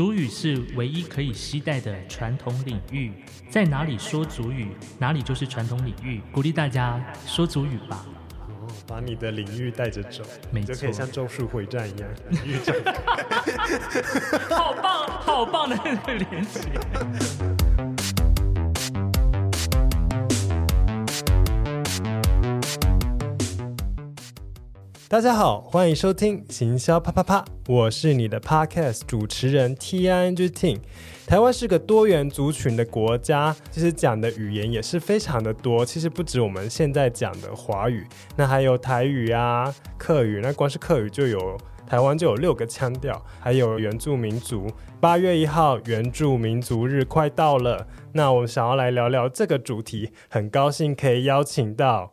族語是唯一可以攜帶的傳統領域，在哪裡說族語，哪裡就是傳統領域。鼓勵大家說族語吧，哦，把你的領域帶着走，你沒 就可以像咒術回戰一樣，領域展開。 好棒好棒的連結。 大家好，歡迎收聽行銷啪啪啪，啪，我是你的 podcast 主持人 TING TING。台灣是個多元族群的國家，其實講的語言也是非常的多，其實不止我們現在講的華語，那還有台語啊、客語，那光是客語就有台灣就有六個腔調，還有原住民族。八月一號原住民族日快到了，那我們想要來聊聊這個主題，很高興可以邀請到。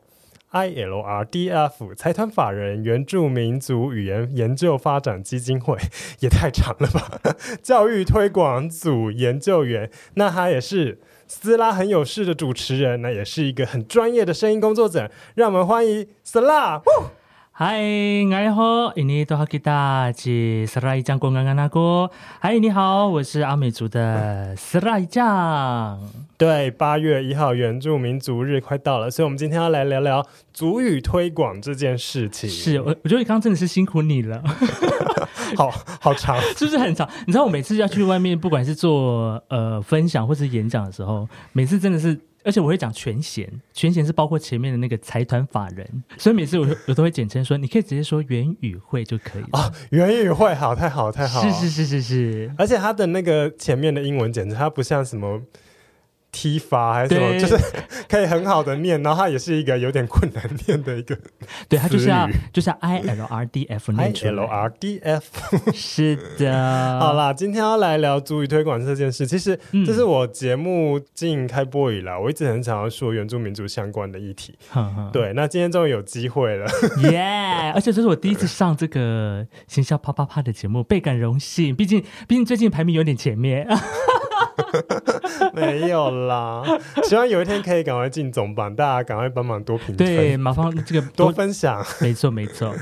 ILRDF 財團法人原住民族語言研究發展基金會，也太長了吧？ 教育推廣組研究員，那他也是斯拉很有事的主持人，那也是一個很專業的聲音工作者，讓我們歡迎斯拉。嗨，你好！印尼多哈吉達吉斯拉伊將公干的那個，嗨，你好，我是阿美族的 sarai 將、嗯。對，八月一號原住民族日快到了，所以我們今天要來聊聊族語推廣這件事情。是我，我覺得你剛剛真的是辛苦你了。 好好長， 是不是很長？你知道我每次要去外面，不管是做呃分享或是演講的時候，每次真的是。而且我會講全銜，全銜是包括前面的那個財團法人，所以每次我我都會簡稱說，你可以直接說原語會就可以哦，原語會。好，太好太好，是是是是是。而且他的那個前面的英文簡稱他不像什麼。批罰還是什麼，對就是可以很好的念，然後它也是一個有點困難念的一個。對，它就是要就是要 I L R D F，I L R D F， 是的。好啦，今天要來聊族語推廣這件事，其實這是我節目進開播以來，嗯、我一直很想要說原住民族相關的議題。嗯、對，那今天終於有機會了，耶 ！Yeah, 而且這是我第一次上這個《行銷啪啪啪》的節目，倍感榮幸。畢竟，畢竟最近排名有點前面。 沒有啦，希望有一天可以趕快進總榜， 大家趕快幫忙多評論，對，麻煩這個多分享，沒錯沒錯。沒錯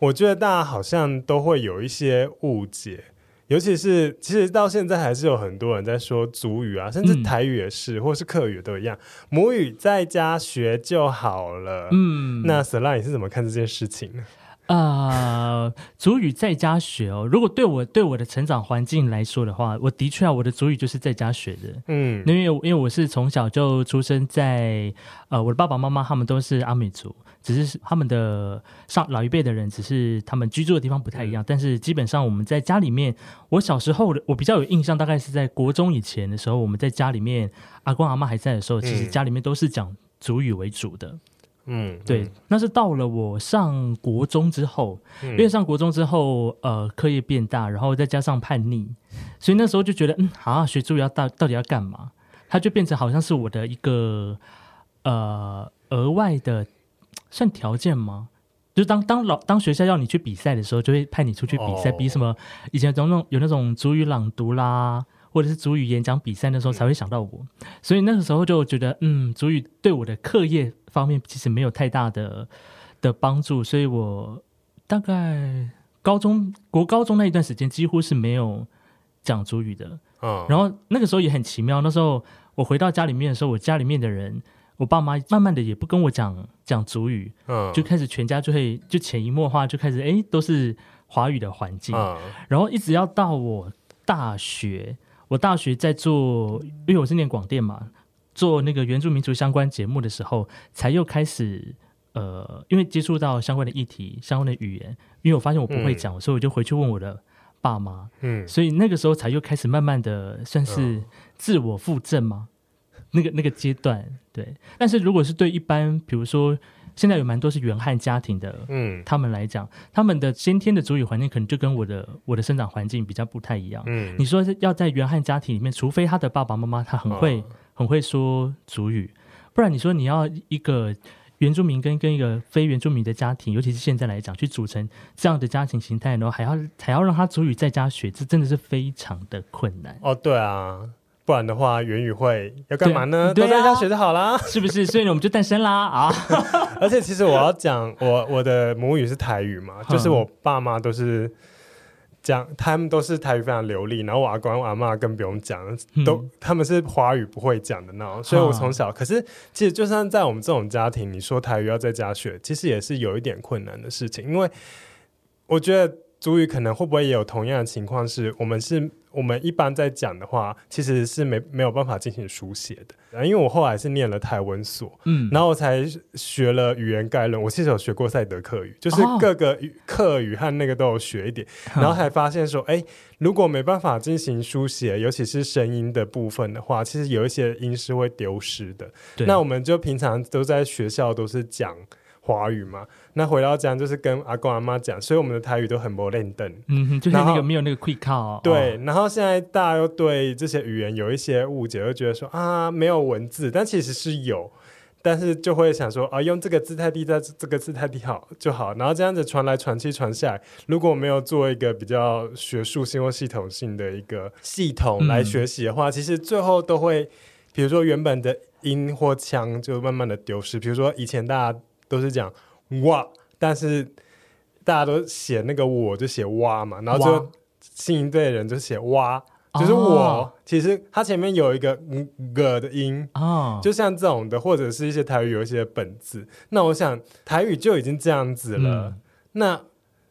我覺得大家好像都會有一些誤解，尤其是其實到現在還是有很多人在說族語啊，甚至台語也是，嗯、或是客語都一樣，母語在家學就好了。嗯，那 Sera 你是怎麼看這件事情呢？啊，族語在家學哦。如果對我對我的成長環境來說的話，我的確啊，我的族語就是在家學的。嗯，因為因為我是從小就出生在呃，我的爸爸媽媽他們都是阿美族，只是他們的上老一輩的人，只是他們居住的地方不太一樣。嗯、但是基本上我們在家裡面，我小時候我比較有印象，大概是在國中以前的時候，我們在家裡面阿公阿嬤還在的時候，其實家裡面都是講族語為主的。嗯嗯，嗯，對，那是到了我上國中之後，嗯、因為上國中之後，呃，課業變大，然後再加上叛逆，所以那時候就覺得，嗯，好，學族語，要到到底要幹嘛？他就變成好像是我的一個呃額外的，算條件嗎？就當當老當學校要你去比賽的時候，就會派你出去比賽，哦、比什麼以前那種種有那種族語朗讀啦。或者是族語演講比賽的時候才會想到我，嗯、所以那個時候就覺得，嗯，族語對我的課業方面其實沒有太大的的幫助，所以我大概高中、國高中那一段時間幾乎是沒有講族語的，嗯，然後那個時候也很奇妙，那時候我回到家裡面的時候，我家裡面的人，我爸媽慢慢的也不跟我講講族語，嗯，就開始全家就會就潛移默化就開始，哎、欸，都是華語的環境，嗯、然後一直要到我大學。我大學在做，因為我是念廣電嘛，做那個原住民族相關節目的時候，才又開始，呃，因為接觸到相關的議題、相關的語言，因為我發現我不會講，嗯、所以我就回去問我的爸媽，嗯，所以那個時候才又開始慢慢的算是自我復正嘛，哦、那個那個階段，對，但是如果是對一般，比如說。現在有蠻多是原漢家庭的，嗯，他們來講，嗯、他們的先天的族語環境可能就跟我的我的生長環境比較不太一樣。嗯，你說是要在原漢家庭裡面，除非他的爸爸媽媽他很會、嗯、很會說族語，不然你說你要一個原住民跟跟一個非原住民的家庭，尤其是現在來講，去組成這樣的家庭形態，然後還要還要讓他族語在家學，這真的是非常的困難。哦，對啊。不然的話，原語會要幹嘛呢？都、啊、在家學就好啦，是不是？所以我們就誕生啦啊！ 而且其實我要講，我我的母語是台語嘛，嗯、就是我爸媽都是講，他們都是台語非常流利。然後我阿公阿媽更不用講，都、嗯、他們是華語不會講的呢。所以我從小，嗯、可是其實就算在我們這種家庭，你說台語要在家學，其實也是有一點困難的事情。因為我覺得族語可能會不會也有同樣的情況是，是我們是。我們一般在講的話，其實是沒沒有辦法進行書寫的。啊，因為我後來是念了台文所，嗯，然後我才學了語言概論。我其實有學過賽德克語，就是各個語、哦、課語和那個都有學一點，然後還發現說，哎、哦，如果沒辦法進行書寫，尤其是聲音的部分的話，其實有一些音是會丟失的。對那我們就平常都在學校都是講。華語嘛，那回到家就是跟阿公阿媽講，所以我們的台語都很不輪轉，嗯哼，就是那個沒有那個 quick call、哦。對，然後現在大家又對這些語言有一些誤解，又覺得說，啊沒有文字，但其實是有，但是就會想說，啊用這個字代替，這這個字代替好就好，然後這樣子傳來傳去傳下來，如果沒有做一個比較學術性或系統性的一個系統來學習的話，嗯、其實最後都會比如說原本的音或腔就慢慢的丟失，比如說以前大家。都是講哇，但是大家都寫那個我就寫哇嘛，然後就星雲隊人就寫哇，就是我。哦、其實它前面有一個嗯個的音，哦、就像這種的，或者是一些台語有一些本字。那我想台語就已經這樣子了，嗯、那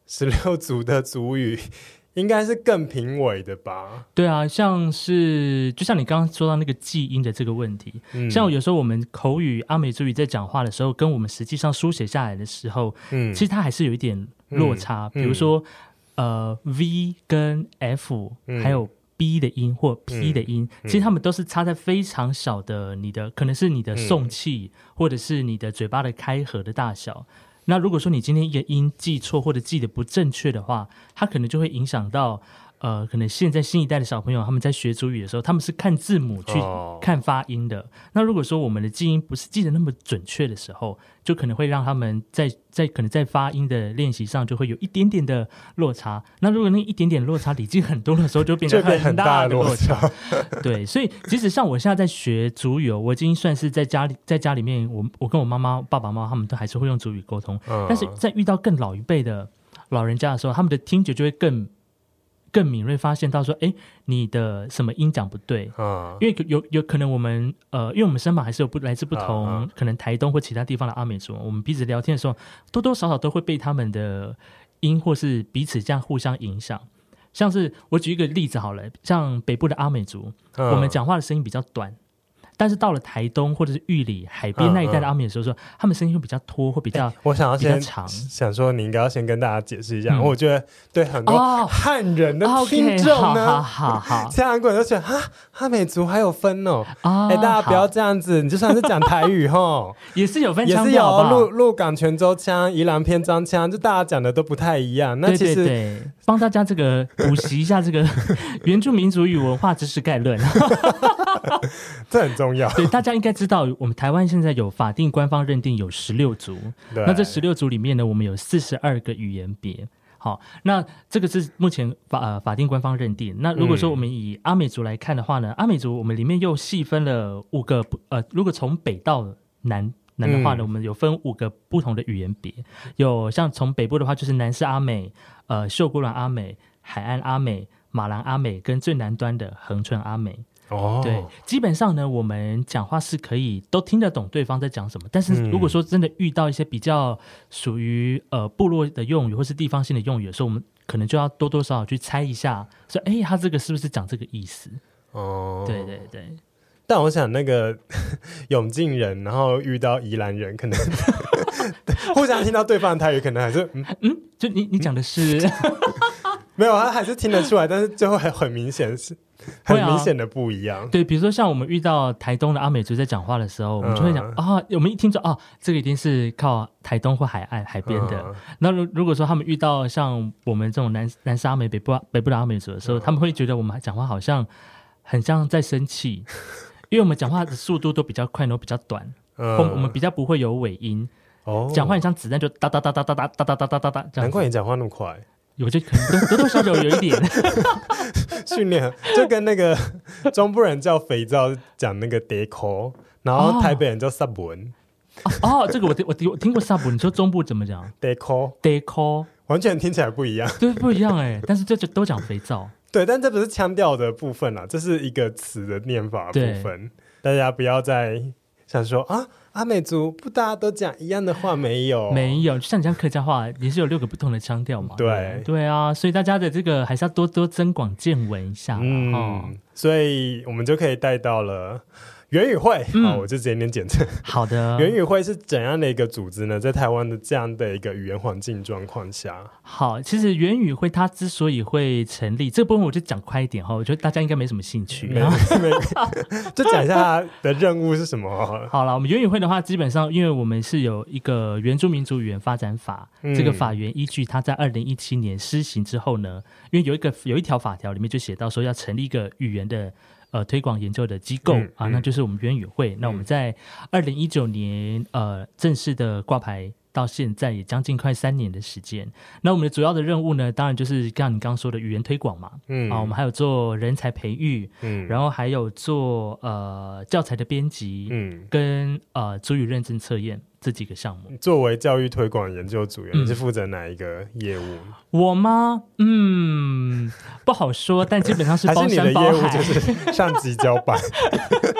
十六族的族語。 應該是更平穩的吧？對啊，像是就像你剛剛說到那個記音的這個問題，嗯、像有時候我們口語阿美族語在講話的時候，跟我們實際上書寫下來的時候，嗯，其實它還是有一點落差。嗯嗯、比如說，呃，v 跟 f，、嗯、還有 b 的音或 p 的音，嗯嗯、其實它們都是差在非常小的，你的可能是你的送氣，嗯、或者是你的嘴巴的開合的大小。那如果說你今天一個音記錯或者記得不正確的話，它可能就會影響到。呃，可能現在新一代的小朋友他們在學族語的時候，他們是看字母去看發音的。Oh. 那如果說我們的記憶不是記得那麼準確的時候，就可能會讓他們在在可能在發音的練習上就會有一點點的落差。那如果那一點點落差累積很多的時候，就變得很大的落差。 落差 對，所以即使像我現在在學族語，哦，我已經算是在家裡在家裡面我，我我跟我媽媽、爸爸媽媽他們都還是會用族語溝通。Oh. 但是在遇到更老一輩的老人家的時候，他們的聽覺就會更。更敏銳，發現到說，哎、欸，你的什麼音講不對。啊，因為有有可能我們，呃，因為我們身旁還是有不來自不同，啊啊、可能台東或其他地方的阿美族，我們彼此聊天的時候，多多少少都會被他們的音或是彼此這樣互相影響。像是我舉一個例子好了，像北部的阿美族，啊、我們講話的聲音比較短。但是到了台東或者是玉里海邊那一帶的阿美族，說他們聲音會比較拖，會比較，我想要先想說，你應該要先跟大家解釋一下。我覺得對很多漢人的聽眾呢，這樣過來都覺得哈，阿美族還有分哦？哎，大家不要這樣子，你就算是講台語吼，也是有分腔，也是有鹿鹿港泉州腔、宜蘭偏漳腔，就大家講的都不太一樣。那其實。幫大家這個補習一下這個原住民族語文化知識概論。 這很重要。 對，大家應該知道，我們台灣現在有法定官方認定有十六族，對那這十六族裡面呢，我們有四十二個語言別。好，那這個是目前法呃法定官方認定。那如果說我們以阿美族來看的話呢，嗯、阿美族我們裡面又細分了五個，呃，如果從北到南。南的話呢，我們有分五個不同的語言別，嗯、有像從北部的話就是南勢阿美、呃秀姑巒阿美、海岸阿美、馬蘭阿美跟最南端的恆春阿美。哦，對，基本上呢，我們講話是可以都聽得懂對方在講什麼。但是如果說真的遇到一些比較屬於、嗯、呃部落的用語或是地方性的用語的時候，所以我們可能就要多多少少去猜一下，說哎，他這個是不是講這個意思？哦，對對對。但我想，那個永靖人，然後遇到宜蘭人，可能互相 聽到對方的台語，可能還是嗯，嗯，就你你講的是、嗯、 沒有啊，他還是聽得出來，但是最後還很明顯是， 很明顯的不一樣。對，比如說像我們遇到台東的阿美族在講話的時候，我們就會講啊、嗯哦，我們一聽著哦，這個一定是靠台東或海岸海邊的。嗯、那如如果說他們遇到像我們這種南南勢阿美、北部、啊、北部的阿美族的時候，嗯、他們會覺得我們講話好像很像在生氣。因為我們講話的速度都比較快，然後比較短，我們比較不會有尾音。哦，講話像子彈就噠噠噠噠噠噠噠噠噠噠噠噠噠，難怪你講話那麼快，有這可能，多多少少有一點訓練，就跟那個中部人叫肥皂講那個 deco，然後台北人叫 sub 文啊，哦，這個我我我聽過 sub 文，你說中部怎麼講 deco deco，完全聽起來不一樣，對，不一樣哎，但是這就都講肥皂。對，但這不是腔調的部分啊。這是一個詞的念法的部分。對大家不要再想說啊，阿美族不，大家都講一樣的話沒有？沒有，就像你這樣客家話， 也是有六個不同的腔調嘛。對，對啊，所以大家的這個還是要多多增廣見聞一下。嗯，哦、所以我們就可以帶到了。原語會，嗯、我就直接念簡稱。好的，原語會是怎樣的一個組織呢？在台灣的這樣的一個語言環境狀況下，好，其實原語會它之所以會成立，這個、部分我就講快一點哈，我覺得大家應該沒什麼興趣，然後就講一下它的任務是什麼。好了好，我們原語會的話，基本上因為我們是有一個《原住民族語言發展法》嗯，這個法源依據它在二零一七年施行之後呢，因為有一個有一條法條裡面就寫到說要成立一個語言的。呃，推廣研究的機構、嗯嗯、啊，那就是我們原語會。嗯、那我們在二零一九年呃正式的掛牌。到現在也將近快三年的時間。那我們的主要的任務呢，當然就是像你剛剛說的語言推廣嘛。嗯，啊，我們還有做人才培育，嗯，然後還有做呃教材的編輯，嗯，跟呃族語認證測驗這幾個項目。作為教育推廣研究主任，嗯，你是負責哪一個業務？我嗎？嗯，不好說，但基本上是還是你的業務就是上級交辦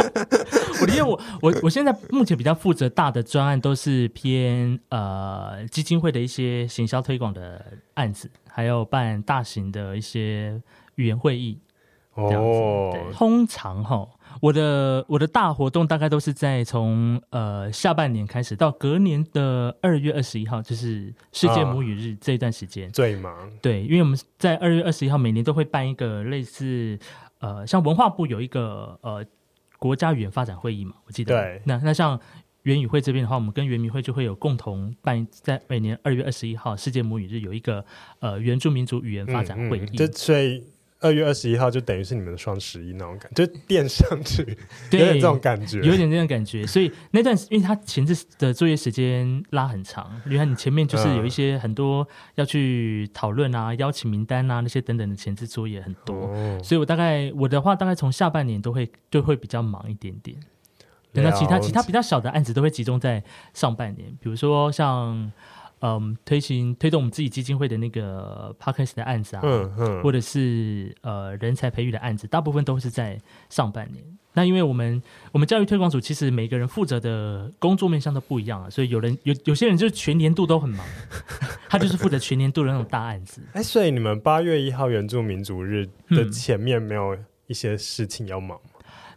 因為我我我現在目前比較負責大的專案，都是偏呃基金會的一些行銷推廣的案子，還有辦大型的一些語言會議。哦，通常哈，我的我的大活動大概都是在從呃下半年開始，到隔年的二月二十一號，就是世界母語日這一段時間最忙。啊、對，對，因為我們在二月二十一號每年都會辦一個類似呃，像文化部有一個呃。國家語言發展會議嘛，我記得。對那那像原語會這邊的話，我們跟原民會就會有共同辦，在每年二月二十一號世界母語日，有一個呃原住民族語言發展會議。嗯嗯就二月二十一號就等於是你們的雙十一那種感覺，就墊上去，對 有點這種感覺，有點這種感覺。所以那段，因為他前置的作業時間拉很長，你看你前面就是有一些很多要去討論啊、嗯、邀請名單啊那些等等的前置作業很多，哦、所以我大概我的話大概從下半年都會就會比較忙一點點，等到其他了解其他比較小的案子都會集中在上半年，比如說像。嗯，推行、推動我們自己基金會的那個 podcast 的案子啊，嗯嗯、或者是呃人才培育的案子，大部分都是在上半年。那因為我們我們教育推廣組其實每個人負責的工作面向都不一樣啊，所以有人有有些人就是全年度都很忙， 他就是負責全年度的那種大案子。哎，所以你們八月一號原住民族日的前面沒有一些事情要忙？嗯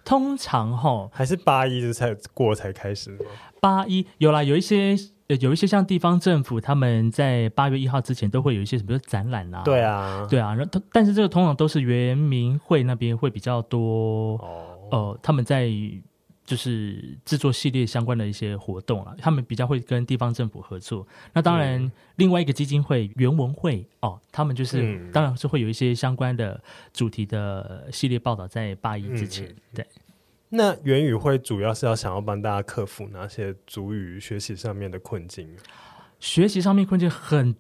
通常哈，還是八一才過才開始嗎？八一有啦，有一些有一些像地方政府，他們在八月一號之前都會有一些什麼展覽啊。對啊，對啊。然後，但是這個通常都是原民會那邊會比較多哦、oh. 呃。他們在。就是製作系列相關的一些活動了，啊，他們比較會跟地方政府合作。那當然，另外一個基金會對原文會哦，他們就是、嗯、當然是會有一些相關的主題的系列報道在八一之前。嗯嗯對，那原語會主要是要想要幫大家克服哪些族語學習上面的困境？學習上面困境很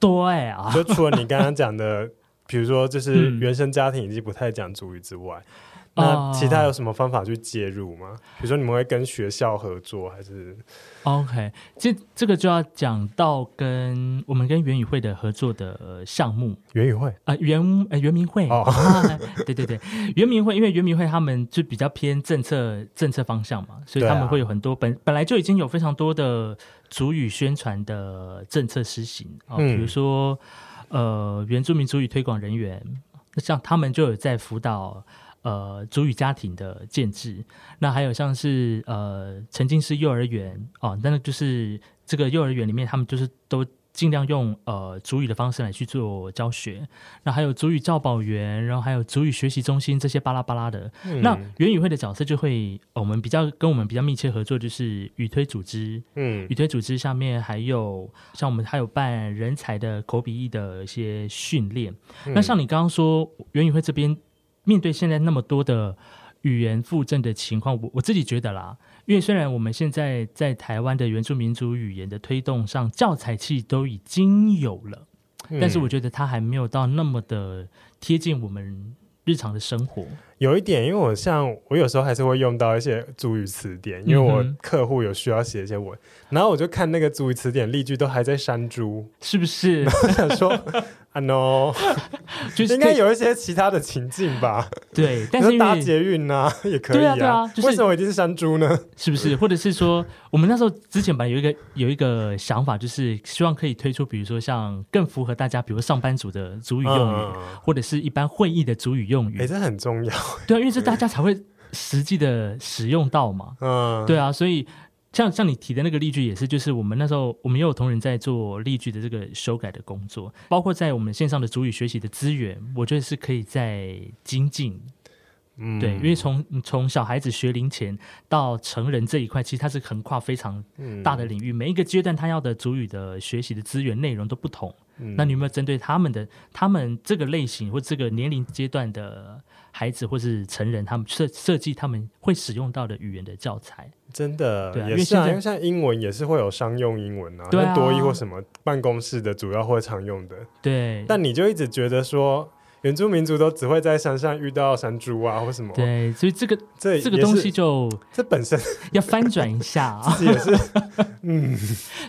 多哎、欸、啊，就除了你剛剛講的，比 如說就是原生家庭已經不太講族語之外。嗯那其他有什麼方法去介入嗎？Oh, 比如說，你們會跟學校合作，還是？O、okay, K，這這個就要講到跟我們跟原語會的合作的項目。原語會啊，原，呃原民會哦，對對對，原 民會，因為原民會他們就比較偏政策政策方向嘛，所以他們會有很多、啊、本本來就已經有非常多的族語宣傳的政策施行啊，哦嗯、比如說呃，原住民族語推廣人員，像他們就有在輔導。呃，族語家庭的建制，那還有像是呃，曾經是幼兒園哦，但、呃、是就是這個幼兒園裡面，他們就是都盡量用呃族語的方式來去做教學。那還有族語教保員，然後還有族語學習中心這些巴拉巴拉的。嗯、那原語會的角色就會，呃、我們比較跟我們比較密切合作就是語推組織，嗯，語推組織下面還有像我們還有辦人才的口筆譯的一些訓練。嗯、那像你剛剛說原語會這邊。面對現在那麼多的語言復振的情況，我我自己覺得啦，因為雖然我們現在在台灣的原住民族語言的推動上，教材器都已經有了，嗯、但是我覺得它還沒有到那麼的貼近我們日常的生活。有一點，因為我像我有時候還是會用到一些族語詞典，因為我客戶有需要寫一些文，嗯、哼然後我就看那個族語詞典例句都還在山豬，是不是？我想說，啊 I no，know, 就是應該有一些其他的情境吧？對，但是搭捷運吶、啊，也可以啊，對啊,對啊，就是、為什麼我一定是山豬呢？是不是？或者是說， 我們那時候之前吧，有一個有一個想法，就是希望可以推出，比如說像更符合大家，比如說上班族的族語用語，嗯、或者是一般會議的族語用語，哎，這很重要。對啊，因為這大家才會實際的使用到嘛。嗯，對啊，所以像像你提的那個例句也是，就是我們那時候我們也有同仁在做例句的這個修改的工作，包括在我們線上的族語學習的資源，我覺得是可以再精進。對，因為從從小孩子學齡前到成人這一塊，其實它是橫跨非常大的領域，每一個階段他要的族語的學習的資源內容都不同。嗯、那你有沒有針對他們的、他們這個類型或這個年齡階段的孩子或是成人，他們設設計他們會使用到的語言的教材？真的，也是、啊、因為像英文也是會有商用英文啊，啊多益或什麼辦公室的主要會常用的。對，但你就一直覺得說。原住民族都只會在山上遇到山豬啊，或什麼？對，所以這個這，這個東西就這本身要翻轉一下啊，也是嗯，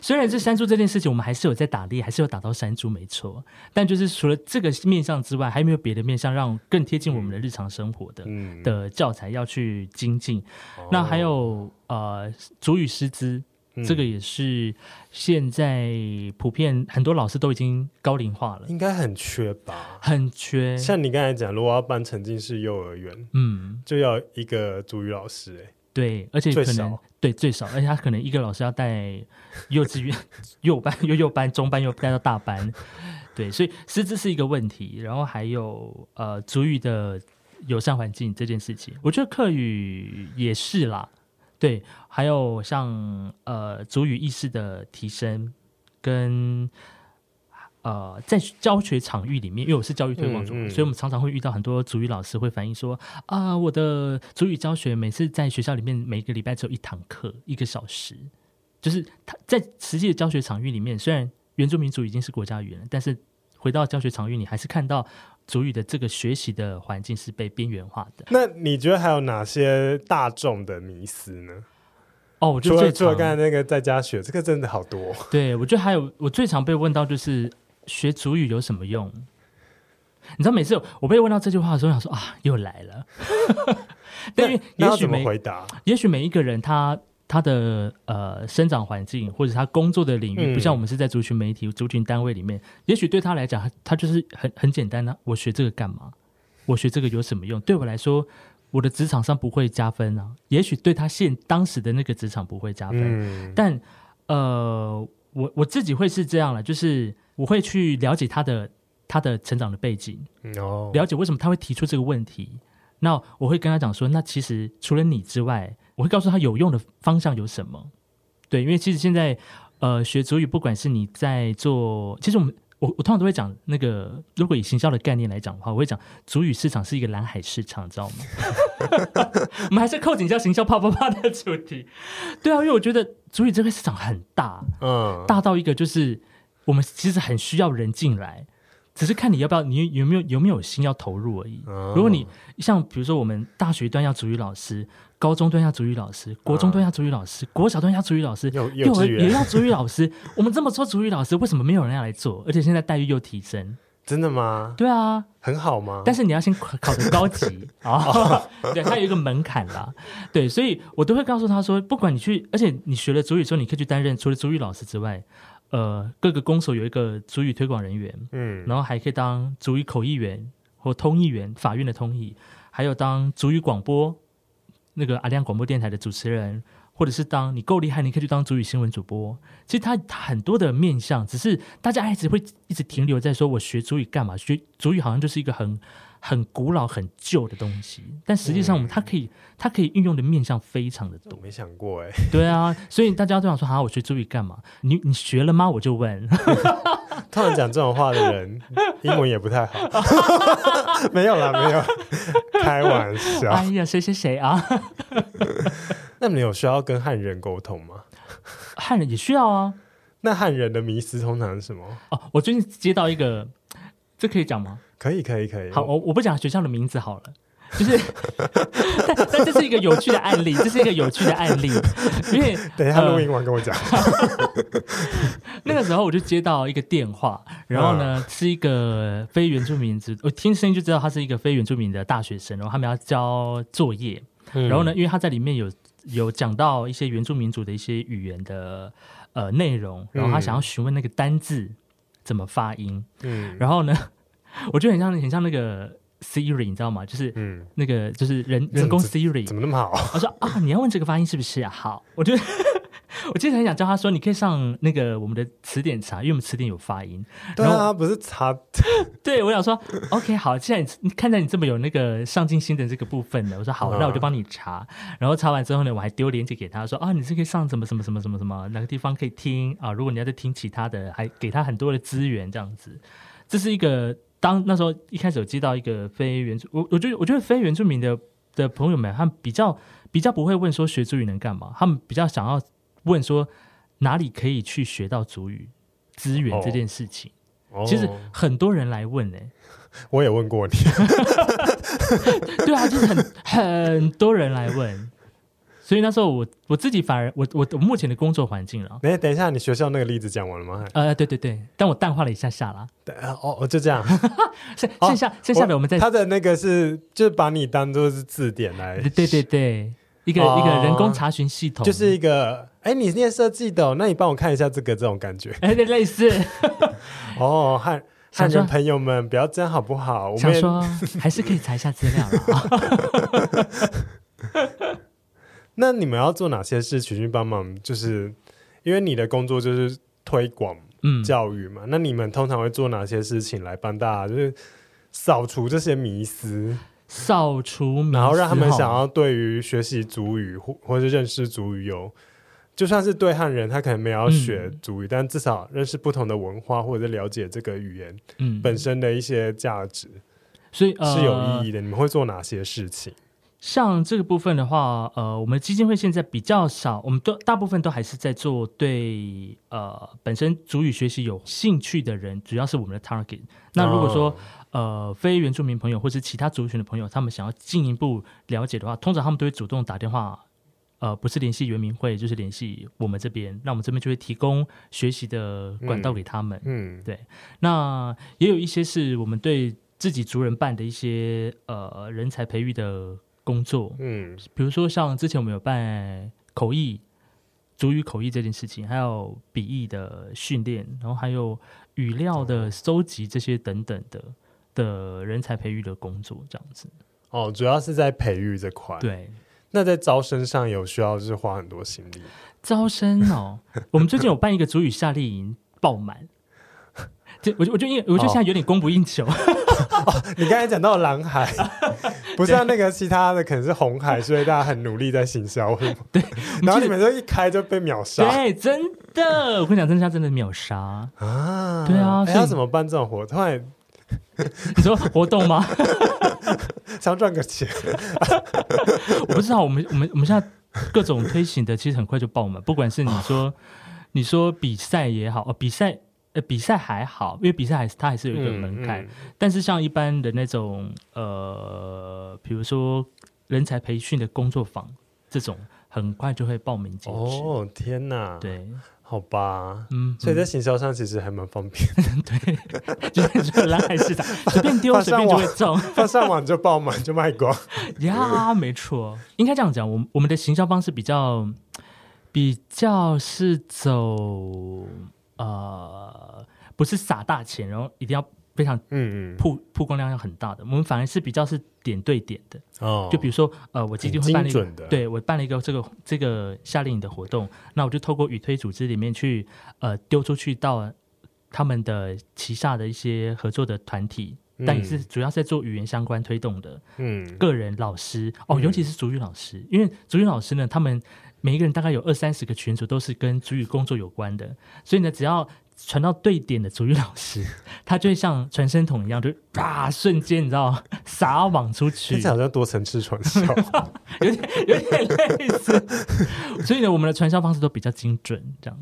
雖然是山豬這件事情，我們還是有在打獵，還是有打到山豬沒錯，但就是除了這個面向之外，還沒有別的面向讓更貼近我們的日常生活的、嗯、的教材要去精進。嗯、那還有呃，族語師資。嗯、這個也是現在普遍很多老師都已經高齡化了，應該很缺吧？很缺。像你剛才講，如果要辦沉浸式幼兒園，嗯，就要一個族語老師。欸，哎，對，而且可能最少，對最少，而且他可能一個老師要帶幼稚園幼 班、幼幼班、中班，又帶到大班， 對，所以師資是一個問題。然後還有呃，族語的友善環境這件事情，我覺得客語也是啦。 對，還有像呃，族語意識的提升，跟呃，在教學場域裡面，因為我是教育推廣組，嗯嗯，所以我們常常會遇到很多族語老師會反映說啊，我的族語教學每次在學校裡面，每個禮拜只有一堂課一個小時，就是他在實際的教學場域裡面，雖然原住民族已經是國家語言了，但是。回到教學場域，你還是看到族語的這個學習的環境是被邊緣化的。那你覺得還有哪些大眾的迷思呢？哦，我覺得最……除了剛才那個在家學，這個真的好多哦。對，我覺得還有，我最常被問到就是學族語有什麼用？你知道，每次我被問到這句話的時候，我想說啊，又來了。但 那也許沒回答，也許每一個人他。他的呃生長環境或者他工作的領域，嗯、不像我們是在族群媒體、族群單位裡面，也許對他來講，他就是很很簡單呢、啊。我學這個幹嘛？我學這個有什麼用？對我來說，我的職場上不會加分啊。也許對他現當時的那個職場不會加分，嗯、但呃，我我自己會是這樣了，就是我會去了解他的他的成長的背景，哦、了解為什麼他會提出這個問題。那我會跟他講說，那其實除了你之外。我會告訴他有用的方向有什麼？對，因為其實現在，呃，學族語不管是你在做，其實我們我我通常都會講那個，如果以行銷的概念來講的話，我會講族語市場是一個藍海市場，知道嗎？ 我們還是扣緊一下行銷啪啪啪的主題。對啊，因為我覺得族語這個市場很大，嗯，大到一個就是我們其實很需要人進來，只是看你要不要，你有沒有有沒有心要投入而已。如果你像比如說我們大學段要族語老師。高中端要族語老師，國中端要族語老師，國小端要族語老師，幼兒園也要族語老師。我們這麼說，族語老師為什麼沒有人要來做？而且現在待遇又提升。真的嗎？對啊，很好嗎？但是你要先考個高級啊，對，它有一個門檻啦。對，所以我都會告訴他說，不管你去，而且你學了族語之後，你可以去擔任除了族語老師之外，呃，各個公所有一個族語推廣人員，嗯，然後還可以當族語口譯員或通譯員，法院的通譯，還有當族語廣播。那個 Alian 廣播電臺的主持人，或者是當你夠厲害，你可以去當族語新聞主播。其實他很多的面向，只是大家一直會一直停留在說“我學族語幹嘛？”學族語好像就是一個很。很古老、很舊的東西，但實際上，我們它可以，嗯、它可以運用的面向非常的多。沒想過哎、欸，對啊，所以大家都想說，好、 啊，我去注意幹嘛？你你學了嗎？我就問。 嗯、突然講這種話的人， 英文也不太好。 沒有啦，沒有， 開玩笑。哎呀，誰誰誰啊？ 那你有需要跟漢人溝通嗎？漢 人也需要啊。那漢人的迷思通常是什麼？哦，我最近接到一個，這可以講嗎？可以可以可以，可以可以，好，我我不講學校的名字好了，就是 但，但這是一個有趣的案例，這是一個有趣的案例，因為等一下錄音完跟我講， 那個時候我就接到一個電話，然後呢、啊、是一個非原住民族，我聽聲音就知道他是一個非原住民的大學生，然後他們要交作業，然後呢，因為他在裡面有有講到一些原住民族的一些語言的呃內容，然後他想要詢問那個單字怎麼發音，嗯，然後呢。我覺得很像很像那個 Siri，你知道嗎？就是嗯，那個就是人、嗯、人工 Siri，怎，怎麼那麼好？我說啊，你要問這個發音是不是、啊、好？我覺得 我經常很想教他說，你可以上那個我們的詞典查，因為我們詞典有發音。對啊，然後啊，不是查。對，我想說 ，OK，好，既然你看在你這麼有那個上進心的這個部分呢，我說好，那、啊、我就幫你查。然後查完之後呢，我還丟鏈接給他說啊，你是可以上什麼什麼什麼什麼什麼哪個地方可以聽啊？如果你要再聽其他的，還給他很多的資源這樣子。這是一個。當那時候一開始有接到一個非原住我我覺得我覺得非原住民的的朋友們，他們比較比較不會問說學族語能幹嘛，他們比較想要問說哪裡可以去學到族語資源這件事情。Oh. Oh. 其實很多人來問誒、欸，我也問過你， 對啊，就是很很多人來問。所以那時候我我自己反而我我我目前的工作環境了。沒、欸、等一下，你學校那個例子講完了嗎？呃，對對對，但我淡化了一下下啦。對呃、哦，我就這樣。剩下剩下，哦、下面我們再他的那個是就是、把你當做是字典來。對，對對對，一個、哦、一個人工查詢系統，就是一個。哎、欸，你念設計的、哦，那你幫我看一下這個這種感覺，有 點、欸、類似。 哦，漢漢人朋友們，不要這樣好不好？想說還是可以查一下資料啊 那你們要做哪些事情去幫忙？就是因為你的工作就是推廣教育嘛。嗯、那你們通常會做哪些事情來幫大家，就是掃除這些迷思，掃除，然後讓他們想要對於學習族語或或是認識族語有、哦，就算是對漢人，他可能沒有學族語，嗯、但至少認識不同的文化，或者是了解這個語言本身的一些價值，所以是有意義的。呃、你們會做哪些事情？像這個部分的話，呃，我們基金會現在比較少，我們都大部分都還是在做對呃本身族語學習有興趣的人，主要是我們的 target。那如果說、哦、呃非原住民朋友或是其他族群的朋友，他們想要進一步了解的話，通常他們都會主動打電話，呃，不是聯繫原民會，就是聯繫我們這邊。那我們這邊就會提供學習的管道給他們。嗯，嗯對。那也有一些是我們對自己族人辦的一些呃人才培育的。工作，嗯，比如說像之前我們有辦口譯、族語口譯這件事情，還有筆譯的訓練，然後還有語料的收集這些等等的、嗯、的人才培育的工作，這樣子。哦，主要是在培育這塊。對。那在招生上有需要是花很多心力。招生哦， 我們最近有辦一個族語夏令營，爆滿。 就我我就因為我就現在有點供不應求。哦，你剛才講到藍海。 不是像那個其他的可能是紅海，所以大家很努力在行銷。 對， 然後你們就一開就被秒殺。對，真的，我跟你講，真的，真的秒殺啊！對啊，想、欸、以要怎麼辦這種活動？突然 你說活動嗎？ 想賺個錢？我不知道，我們我們我們現在各種推行的，其實很快就爆滿。不管是你說 你說比賽也好，哦，比賽。呃，比賽還好，因為比賽還是它還是有一個門檻。嗯嗯、但是像一般的那種，呃，比如說人才培訓的工作坊這種，很快就會報名截止。哦天哪！對，好吧，嗯，所以在行銷上其實還蠻方便的、嗯。嗯、 對，就是藍海市場，隨 便丟隨便就會中 發，發上網就爆滿就賣光。呀、 yeah, 啊，沒錯， 應該這樣講。我們我們的行銷方式比較比較是走。呃，不是撒大錢，然後一定要非常曝嗯嗯曝曝光量要很大的，我們反而是比較是點對點的哦。就比如說呃，我最近會辦了，對我辦了一個這個這個夏令營的活動，那我就透過雨推組織裡面去呃丟出去到他們的旗下的一些合作的團體。但也是主要是在做語言相關推動的，嗯，個人老師、嗯、哦，尤其是族語老師，嗯、因為族語老師呢，他們每一個人大概有二三十個群組，都是跟族語工作有關的，所以呢，只要傳到對點的族語老師，他就會像傳聲筒一樣，就啊，瞬間你知道撒網出去，這好像多層次傳銷， 有點有點類似， 所以呢，我們的傳銷方式都比較精準，這樣，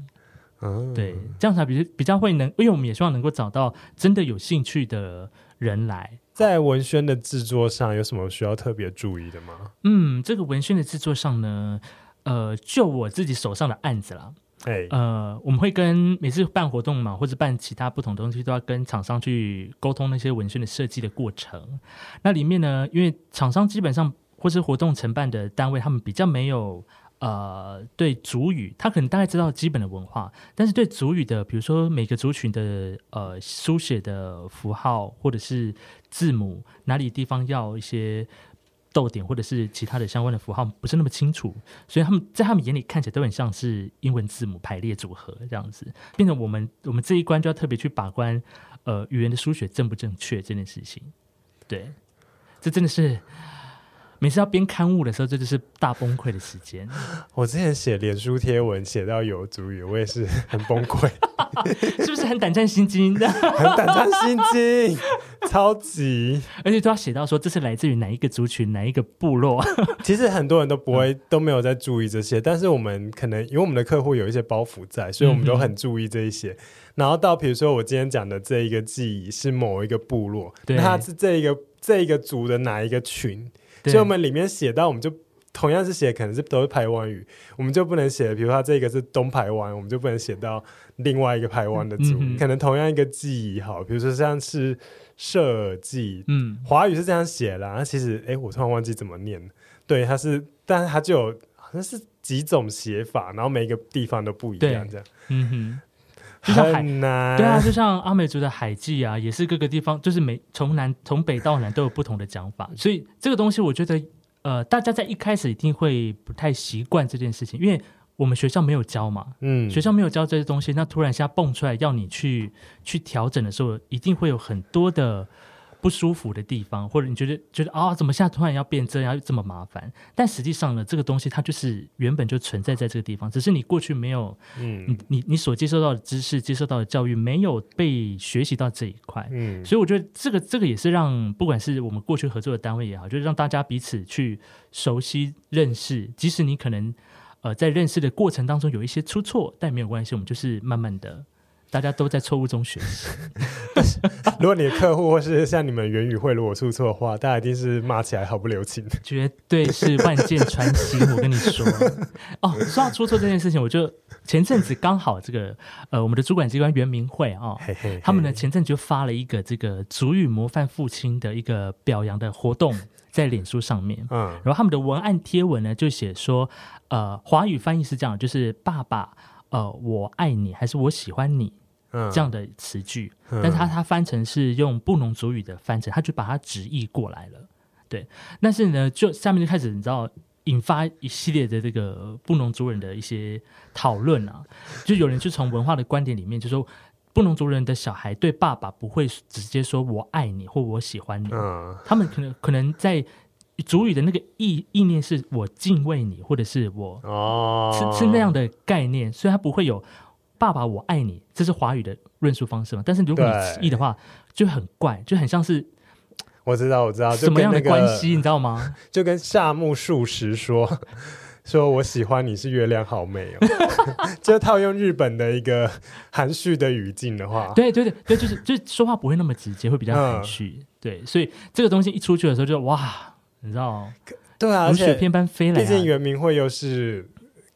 嗯，對，這樣才比比較會能，因為我們也希望能夠找到真的有興趣的。人來。在文宣的制作上有什麼需要特別注意的嗎？嗯，這個文宣的制作上呢，呃，就我自己手上的案子啦，誒、欸，呃，我們會跟，每次辦活動嘛，或者辦其他不同東西，都要跟廠商去溝通那些文宣的設計的過程。那裡面呢，因為廠商基本上或是活動承辦的單位，他們比較沒有。呃，對，族語他可能大概知道基本的文化，但是對族語的，比如說每個族群的呃書寫的符號或者是字母，哪裡地方要一些逗點或者是其他的相關的符號，不是那麼清楚，所以他們在他們眼裡看起來都很像是英文字母排列組合這樣子，變成我們我們這一關就要特別去把關，呃，語言的書寫正不正確這件事情，對，這真的是。每次要編刊物的時候，這就是大崩潰的時間。 我之前寫臉書貼文，寫到有族語，我也是很崩潰， 是不是很膽戰心驚的？ 很膽戰心驚，超級，而且都要寫到說這是來自於哪一個族群，哪一個部落。 其實很多人都不會，嗯、都沒有在注意這些。但是我們可能因為我們的客戶有一些包袱在，所以我們都很注意這一些。嗯、哼然後到比如說我今天講的這一個記憶，是某一個部落，對那它是這一個這一個族的哪一個群？所以對我們裡面寫到，我們就同樣是寫，可能是都是排灣語，我們就不能寫，比如他這個是東排灣，我們就不能寫到另外一個排灣的字。嗯嗯、可能同樣一個字也好，比如說像是設計，嗯，華語是這樣寫啦。其實哎、欸，我突然忘記怎麼念。對，它是，但它就有好像是幾種寫法，然後每個地方都不一樣，這樣。嗯哼。就像海南，難對啊，就像阿美族的海祭啊，也是各個地方，就是每從南從北到南都有不同的講法， 所以這個東西我覺得，呃，大家在一開始一定會不太習慣這件事情，因為我們學校沒有教嘛，嗯，學校沒有教這些東西，那突然一下蹦出來要你去去調整的時候，一定會有很多的。不舒服的地方，或者你覺得覺得啊、哦，怎麼現在突然要變這要這麼麻煩？但實際上呢，這個東西它就是原本就存在在這個地方，只是你過去沒有，嗯，你你你所接受到的知識、接受到的教育沒有被學習到這一塊，嗯，所以我覺得這個這個也是讓，不管是我們過去合作的單位也好，就是讓大家彼此去熟悉認識，即使你可能呃在認識的過程當中有一些出錯，但沒有關係，我們就是慢慢的。大家都在錯誤中學習。 如果你的客戶或是像你們原語會如果出錯的話，大家一定是罵起來毫不留情。絕對是萬箭穿心，我跟你說。 哦，說到出錯這件事情，我就前陣子剛好這個呃，我們的主管機關原民會啊、哦， 他們呢前陣子就發了一個這個族語模範父親的一個表揚的活動在臉書上面。 嗯，然後他們的文案貼文呢就寫說，呃，華語翻譯是這樣，就是爸爸，呃，我愛你，還是我喜歡你？這樣的詞句，嗯、但是他他翻成，是用布農族語的翻成，他就把它直譯過來了，對。但是呢，就下面就開始你知道引發一系列的這個布農族人的一些討論啊，就有人就從文化的觀點裡面就說，布農 族人的小孩對爸爸不會直接說我愛你或我喜歡你，嗯、他們可能，可能在族語的那個意意念是我敬畏你，或者是我、哦、是是那樣的概念，所以他不會有。爸爸，我愛你，這是華語的論述方式嘛，但是如果你直譯的話，對就很怪，就很像是我知道，我知道什麼樣的關係，知知那個、你知道嗎？就跟夏目漱石說，說我喜歡你是月亮好美哦， 就套用日本的一個含蓄的語境的話， 對，對，對，對，就是，就說話不會那麼直接，會比較含蓄。嗯、對，所以這個東西一出去的時候就，就哇，你知道，對，啊，如雪片般飛來、啊。畢竟原民會又是。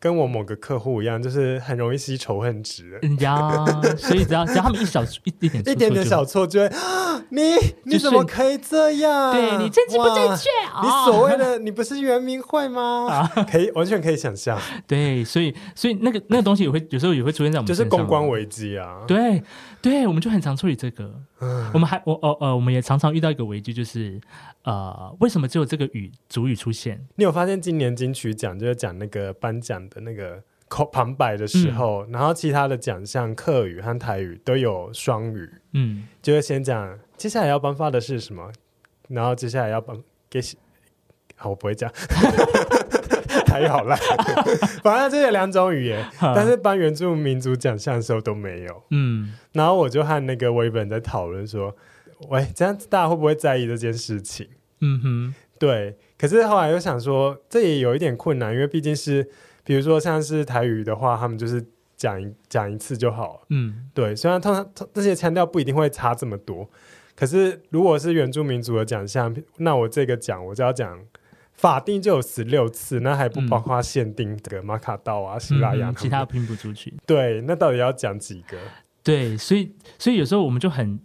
跟我某個客戶一樣，就是很容易吸仇恨值。哎、嗯、呀，所以只要只要他們一小 一小一,一點,點錯錯一點點小錯就，就、啊、你你怎麼可以這樣？就是、對你政治不正確，哇啊、你所謂的 你不是原民會嗎？可以完全可以想象。啊、 對，所以所以那個那個東西也會有時候也會出現在我們就、啊嗯，就是公關危機啊。對。對，我們就很常處理這個。嗯、我們還，我，哦，呃，我們也常常遇到一個危機，就是，呃，為什麼只有這個語主語出現？你有發現今年金曲獎就是講那個頒獎的那個旁白的時候，嗯、然後其他的獎項像客語和台語都有雙語，嗯，就是先講接下來要頒發的是什麼，然後接下來要頒給好，我不會講。 還好啦，反正 就是有兩種語言，哈但是頒原住民族獎項的時候都沒有。嗯，然後我就和那個維本在討論說：“喂，這樣子大家會不會在意這件事情？”嗯哼，對。可是後來又想說，這也有一點困難，因為畢竟是比如說像是台語的話，他們就是講一講一次就好了。嗯，對。雖然通常通這些腔調不一定會差這麼多，可是如果是原住民族的獎項，那我這個獎我就要講。法定就有十六次，那還不包括限定這個馬卡道啊、嗯、西拉雅他們其他拼不出去。對，那到底要講幾個？對，所以所以有時候我們就很，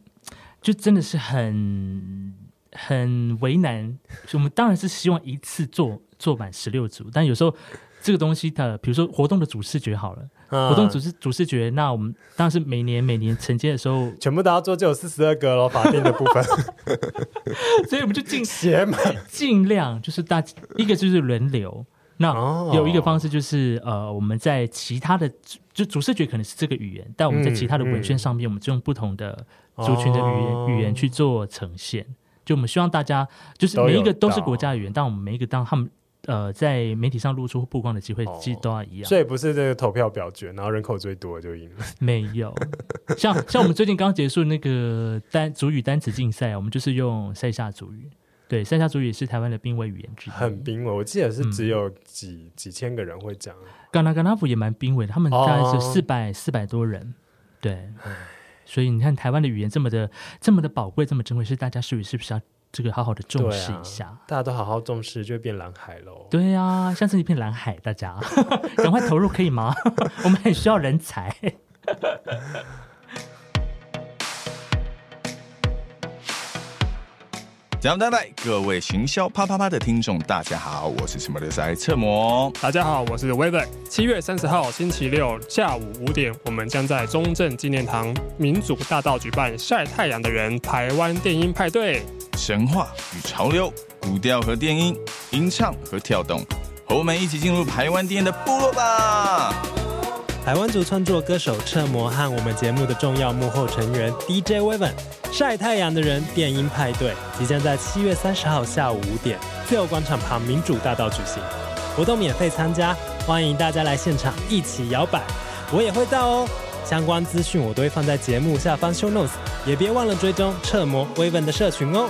就真的是很很為難。所以我們當然是希望一次做做滿十六組，但有時候。這個東西的，比如說活動的主視覺好了，嗯、活動主視主視覺，那我們當然是每年每年承接的時候，全部都要做，就有四十二個了，法定的部分， 所以我們就盡寫嘛，盡量就是大一個就是輪流。那有一個方式就是、哦、呃，我們在其他的就主視覺可能是這個語言，嗯、但我們在其他的文宣上面，嗯、我們就用不同的族群的語言、哦、語言去做呈現。就我們希望大家就是每一個都是國家語言，但我們每一個當他們。呃，在媒體上露出曝光的機會其實都一樣，所以不是這個投票表決，然後人口最多就贏了。沒有，像像我們最近剛結束那個單族語單詞競賽，啊，我們就是用賽夏族語。對，賽夏族語是台灣的瀕危語言之一。很瀕危，我記得是只有幾、嗯、幾千個人會講。卡那卡那富也蠻瀕危的，他們大概是四百四百多人對。對，所以你看台灣的語言這麼的這麼的寶貴，這麼珍貴，是大家是不是是不是要？這個好好的重視一下，啊，大家都好好重視，就會變藍海嘍。對啊，像是一片藍海，大家趕 快投入可以嗎？ 我們很需要人才。掌聲拜，各位行銷啪啪啪的聽眾，大家好，我是 Cemelesai 徹摩。大家好，我是 Waven。七月三十號星期六下午五點，我們將在中正紀念堂民主大道舉辦《曬太陽的人》排灣電音派對。神話與潮流，古調和電音，吟唱和跳動，和我們一起進入台灣電音的部落吧！台灣族創作歌手徹摩和我們節目的重要幕後成員 DJ Waven，《曬太陽的人》電音派對，即將在七月三十號下午五點自由廣場旁民主大道舉行，活動免費參加，歡迎大家來現場一起搖擺，我也會到哦！相關資訊我都會放在節目下方 show notes，也別忘了追蹤徹摩、Waven 的社群哦。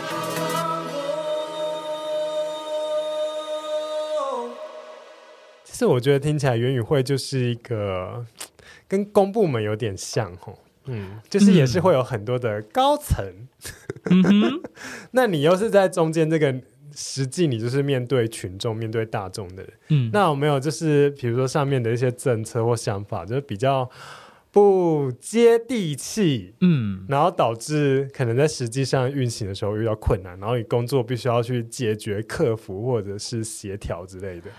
其實我覺得聽起來原語會，就是一個跟公部門有點像嗯，就是也是會有很多的高層，嗯，那你又是在中間這個實際你就是面對群眾、面對大眾的人嗯，那有沒有就是比如說上面的一些政策或想法，就是比較。不接地氣，嗯，然後導致可能在實際上運行的時候遇到困難，然後你工作必須要去解決、克服或者是協調之類的，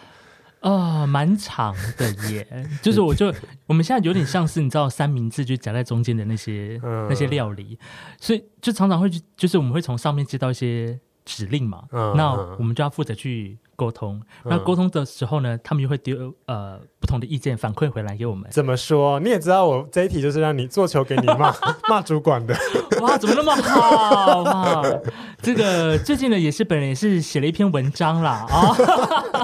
啊、呃，蠻長的耶。 就是我就我們現在有點像是你知道三明治就夾在中間的那些、嗯、那些料理，所以就常常會就是我們會從上面接到一些指令嘛，嗯、那我們就要負責去。溝通，然後溝通的時候呢，嗯、他們又會丟呃不同的意見反饋回來給我們。怎麼說？你也知道，我這一題就是讓你做球給你罵罵 主管的。哇，怎麼那麼好，啊、這個最近呢，也是本人也是寫了一篇文章啦、啊。哦、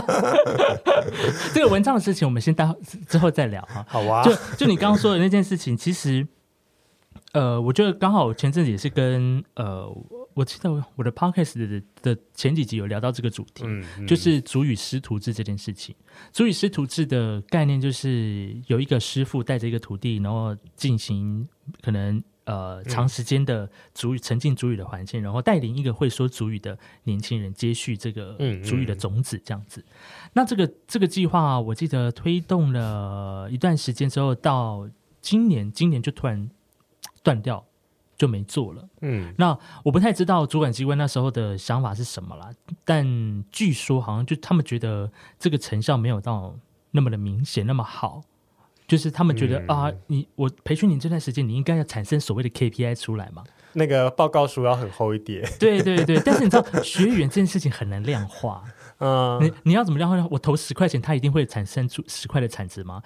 這個文章的事情，我們先待會之後再聊哈，啊。好啊。就就你剛剛說的那件事情，其實呃，我覺得剛好我前陣子也是跟呃。我記得我的 podcast 的前幾集有聊到這個主題，嗯嗯、就是族語師徒制這件事情。族語師徒制的概念就是有一個師父帶着一個徒弟，然後進行可能呃長時間的族語沉浸族語的環境，然後帶領一個會說族語的年輕人接續這個族語的種子這樣子。嗯嗯、那這個這個計劃我記得推動了一段時間之後，到今年，今年就突然斷掉。就沒做了。嗯，那我不太知道主管機關那時候的想法是什麼啦。但據說好像就他們覺得這個成效沒有到那麼的明顯，那麼好。就是他們覺得、嗯、啊，你我培訓你這段時間，你應該要產生所謂的 KPI 出來嘛？那個報告書要很厚一點。對，對對對，但是你知道 學員這件事情很難量化。嗯，你你要怎麼量化？我投十塊錢，他一定會產生出十塊的產值嗎？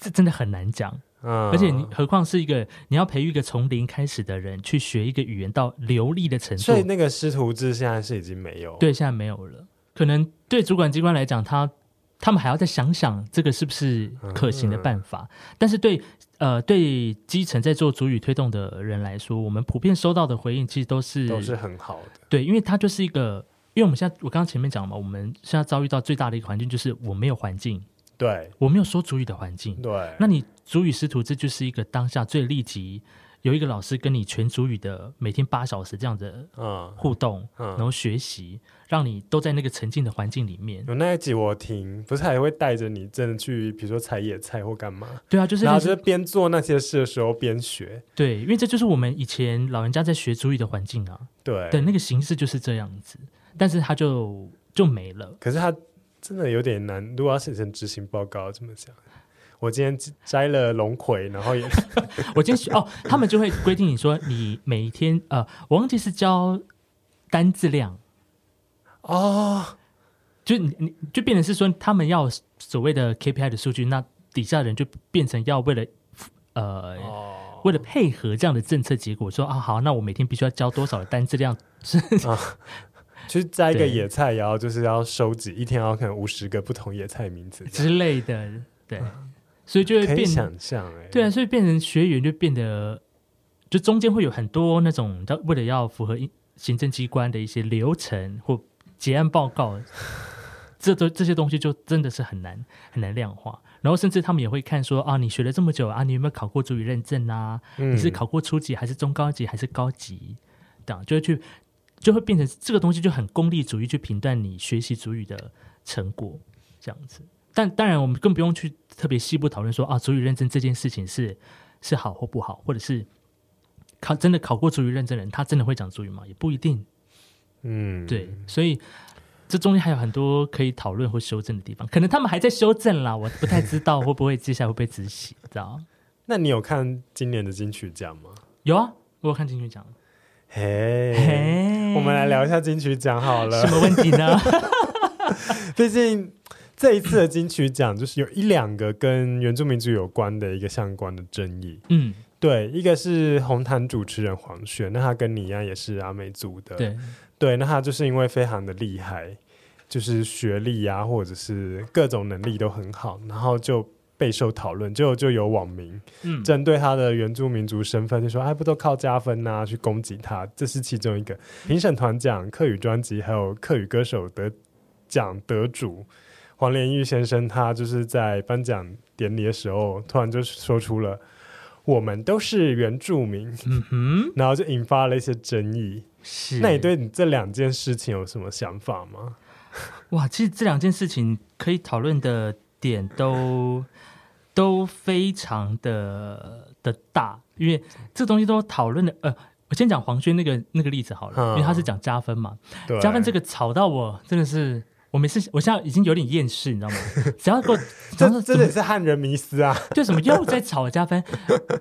這真的很難講。嗯，而且你何況是一個你要培育，一個從零開始的人去學一個語言到流利的程度，所以那個師徒制現在是已經沒有，對，現在沒有了。可能對主管機關來講，他他們還要再想想這個是不是可行的辦法。嗯嗯，但是對呃對基層在做族語推動的人來說，我們普遍收到的回應其實都是都是很好的，對，因為它就是一個，因為我們現在我剛剛前面講嘛，我們現在遭遇到最大的一個環境就是我沒有環境。對，我沒有說族語的環境。對，那你族語師徒，這就是一個當下最立即有一個老師跟你全族語的每天八小時這樣子互動，嗯嗯、然後學習，讓你都在那個沉浸的環境裡面。有那一集我聽，不是還會帶着你真的去，比如說採野菜或幹嘛？對啊，就是老師邊做那些事的時候邊學。對，因為這就是我們以前老人家在學族語的環境啊。對，的那個形式就是這樣子，但是他就就沒了。可是他。真的有點難，如果要寫成執行報告怎麼講？我今天摘了龍葵，然後也 我今天哦，他們就會規定你說你每一天呃，我忘記是教單字量哦，就你你就變成是說他們要所謂的 KPI 的數據，那底下的人就變成要為了呃、哦、為了配合這樣的政策，結果說啊好，那我每天必須要教多少的單字量是。 哦實摘一個野菜，然後就是要收集對一天，要看可能五十個不同野菜名字之類的，對，嗯、所以就會變，想象、欸，哎，對啊，所以變成學員就變得，就中間會有很多那種，要為了要符合行政機關的一些流程或結案報告， 這都這些東西就真的是很難很難量化。然後甚至他們也會看說啊，你學了這麼久啊，你有沒有考過族語認證啊？嗯、你是考過初級還是中高級還是高級等，就會去。就會變成這個東西就很功利主義去評斷你學習族語的成果這樣子，但當然我們更不用去特別細部討論說啊，族語認證這件事情是是好或不好，或者是考真的考過族語認證的人，他真的會講族語嗎？也不一定。嗯，對，所以這中間還有很多可以討論或修正的地方，可能他們還在修正啦，我不太知道會不會接下來會被執行， 知道？那你有看今年的金曲獎嗎？有啊，我有看金曲獎。嘿，hey, hey, 我們來聊一下金曲獎好了。什麼問題呢？ 畢竟這一次的金曲獎就是有一兩個跟原住民族有關的一個相關的爭議。嗯，對，一個是紅毯主持人黃軒，那他跟你一樣也是阿美族的。對，對，那他就是因為非常的厲害，就是學歷啊，或者是各種能力都很好，然後就。備受討論，就就有網民針、嗯、對他的原住民族身份就說哎、啊、不都靠加分吶、啊、去攻擊他。這是其中一個。評審團獎客語專輯還有客語歌手得獎得主黃連玉先生，他就是在頒獎典禮的時候突然就說出了我們都是原住民、嗯、哼 然後就引發了一些爭議。是那你對你這兩件事情有什麼想法嗎？哇，其實這兩件事情可以討論的點都。 都非常的的大，因為這東西都討論的，呃，我先講黃軒那個那個例子好了，嗯、因為他是講加分嘛，對加分這個吵到我真的是，我每次我現在已經有點厭世，你知道嗎？只要夠，這真的是漢人迷思啊！就什麼又在吵加分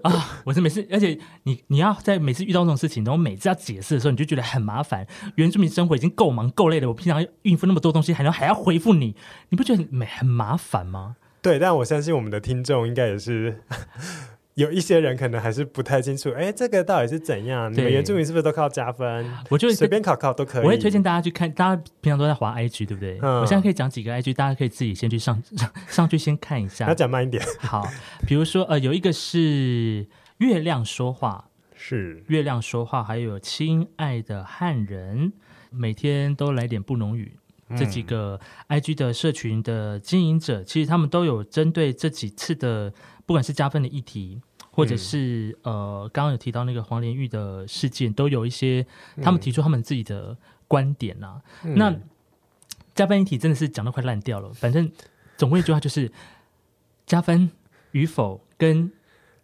啊、呃？我是每次，而且你你要在每次遇到這種事情，然後每次要解釋的時候，你就覺得很麻煩。原住民生活已經夠忙夠累了，我平常要應付那麼多東西，還要還要回復你，你不覺得很很麻煩嗎？對，但我相信我們的聽眾應該也是有一些人可能還是不太清楚，哎，這個到底是怎樣？對你們原住民是不是都靠加分？我就隨便考考都可以。我會推薦大家去看，大家平常都在滑 IG，對不對？嗯，我現在可以講幾個 IG，大家可以自己先去上上，上去先看一下。要講慢一點。好，比如說呃，有一個是月亮說話，是月亮說話，還有親愛的漢人，每天都來點布農語。這幾個 IG 的社群的經營者，嗯、其實他們都有針對這幾次的，不管是加分的議題，或者是、嗯、呃剛剛有提到那個黃連玉的事件，都有一些他們提出他們自己的觀點吶、啊。嗯、那、嗯、加分議題真的是講得快爛掉了，反正總歸一句話就是 加分與否跟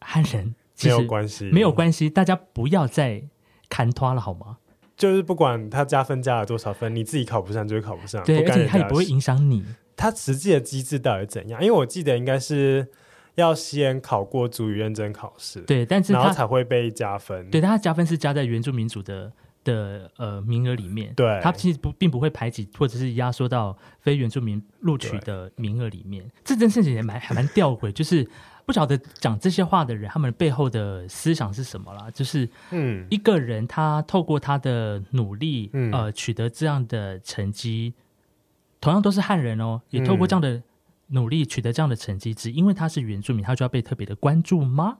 漢人其實沒有關係，沒有關係，大家不要再砍他了好嗎？就是不管他加分加了多少分，你自己考不上就是考不上。對，不干而且他也不會影響你。他實際的機制到底怎樣？因為我記得應該是要先考過族語認證考試，對，但是他然後才會被加分。對，他加分是加在原住民族的的呃名額裡面。對，他其實不並不會排擠或者是壓縮到非原住民錄取的名額裡面。對這件事情也蠻還蠻吊詭，就是。 不曉得講這些話的人，他們背後的思想是什麼啦？就是，一個人他透過他的努力，嗯，呃，取得這樣的成績，同樣都是漢人哦，也透過這樣的努力取得這樣的成績，嗯，只因為他是原住民，他就要被特別的關注嗎？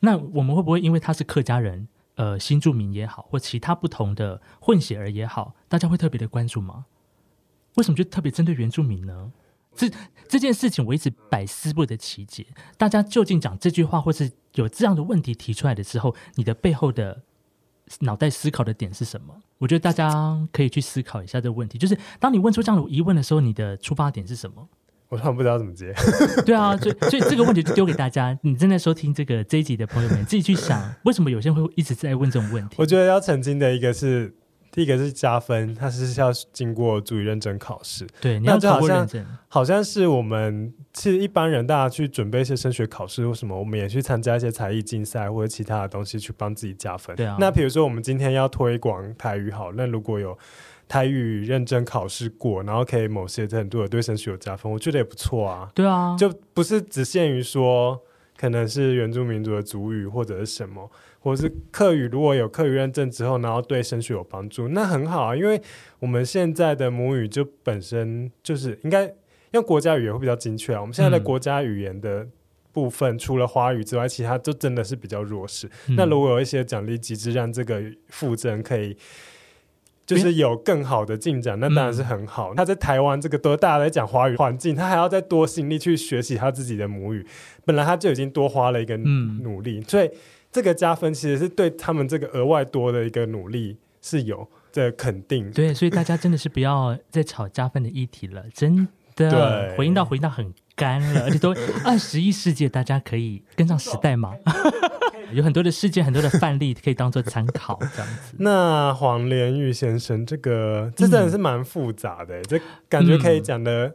那我們會不會因為他是客家人，呃，新住民也好，或其他不同的混血兒也好，大家會特別的關注嗎？為什麼就特別針對原住民呢？這這件事情我一直百思不得其解。大家究竟講這句話，或是有這樣的問題提出來的時候，你的背後的腦袋思考的點是什麼？我覺得大家可以去思考一下這個問題。就是當你問出這樣的疑問的時候，你的出發點是什麼？我還不知道怎麼接。 對啊，所以所以這個問題就丟給大家。你正在收聽這個這一集的朋友們，自己去想為什麼有些人會一直在問這種問題。我覺得要澄清的一個是，第一個是加分，它是要經過族語認證考試。對，你那就好像好像是我們是一般人，大家去準備一些升學考試或什麼，我們也去參加一些才藝競賽或者其他的東西去幫自己加分。對啊，那比如說我們今天要推廣台語，好，那如果有台語認證考試過，然後可以某些程度的對升學有加分，我覺得也不錯啊。對啊，就不是只限於說可能是原住民族的族語或者是什麼。或是客語，如果有客語認證之後，然後對升學有幫助，那很好啊。因為我們現在的母語就本身就是應該用國家語言會比較精確啊。我們現在的國家語言的部分，嗯、除了華語之外，其他就真的是比較弱勢。嗯、那如果有一些獎勵機制，讓這個復振可以就是有更好的進展，嗯、那當然是很好。他在台灣這個都大家在講華語環境，他還要再多心力去學習他自己的母語，本來他就已經多花了一個努力，嗯、所以。這個加分其實是對他們這個額外多的一個努力是有這個肯定，對，所以大家真的是不要再炒加分的議題了，真的。對回應到回應到很幹了，而且都二十一世紀，大家可以跟上時代嘛， 有很多的事件、很多的範例可以當做參考，這樣子。那黃連玉先生、這個，這個真的是蠻複雜的、欸，這、嗯、感覺可以講的。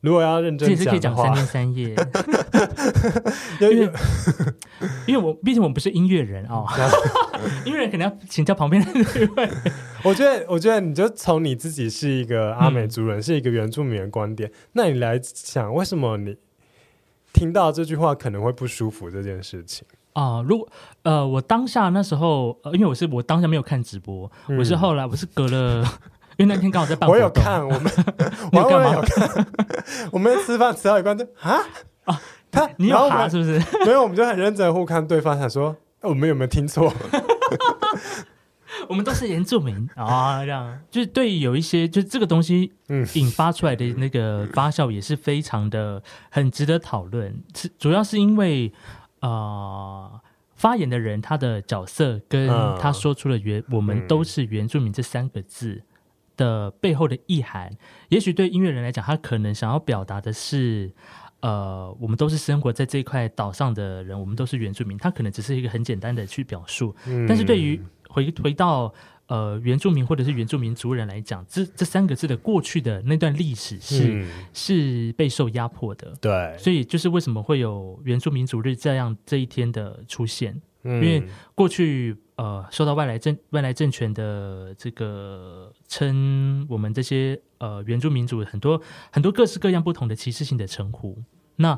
如果要認真講的話，也是可以講三天三夜， 因為 因為我畢竟我們不是音樂人啊，音樂 人肯定要請教旁邊那位。 我覺得，我覺得你就從你自己是一個阿美族人，是一個原住民的觀點，嗯、那你來想為什麼你聽到這句話可能會不舒服這件事情啊、呃？如果呃，我當下那時候，呃、因為我是我當下沒有看直播，嗯、我是後來我是隔了。 因為那天剛好在辦公室，我有看我們，我 有看我們吃飯吃到一半就啊，啊，他你有爬是不是？沒有，我們就很認真互看對方，想說我們有沒有聽錯？ 我們都是原住民啊、 哦！這樣就是對於有一些，就這個東西引發出來的那個發酵，也是非常的很值得討論。主要是因為啊、呃，發言的人他的角色跟他說出了原，嗯、我們都是原住民這三個字，的背後的意涵，也許對音樂人來講，他可能想要表達的是，呃，我們都是生活在這一塊島上的人，我們都是原住民，他可能只是一個很簡單的去表述。嗯、但是對，對於回回到呃原住民或者是原住民族人來講，這這三個字的過去的那段歷史是、嗯、是備受壓迫的。對，所以就是為什麼會有原住民族日這樣這一天的出現，嗯、因為過去。呃，受到外來政外來政權的這個稱，我們這些呃原住民族很多很多各式各樣不同的歧視性的稱呼。那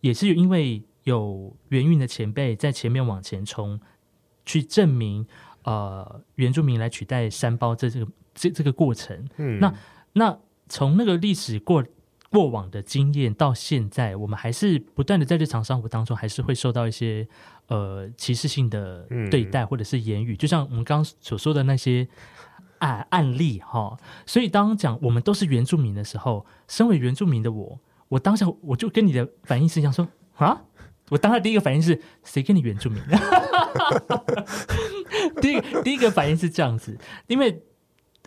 也是因為有原運的前輩在前面往前衝，去證明呃原住民來取代山胞這這個這這個過程。嗯，那那從那個歷史過過往的經驗到現在，我們還是不斷的在日常生活當中，還是會受到一些呃歧視性的對待，或者是言語，嗯、就像我們剛剛所說的那些案、啊、案例哈。所以當講我們都是原住民的時候，身為原住民的我，我當下我就跟你的反應是一樣說啊，我當下第一個反應是誰跟你原住民？ 第一個第一個反應是這樣子，因為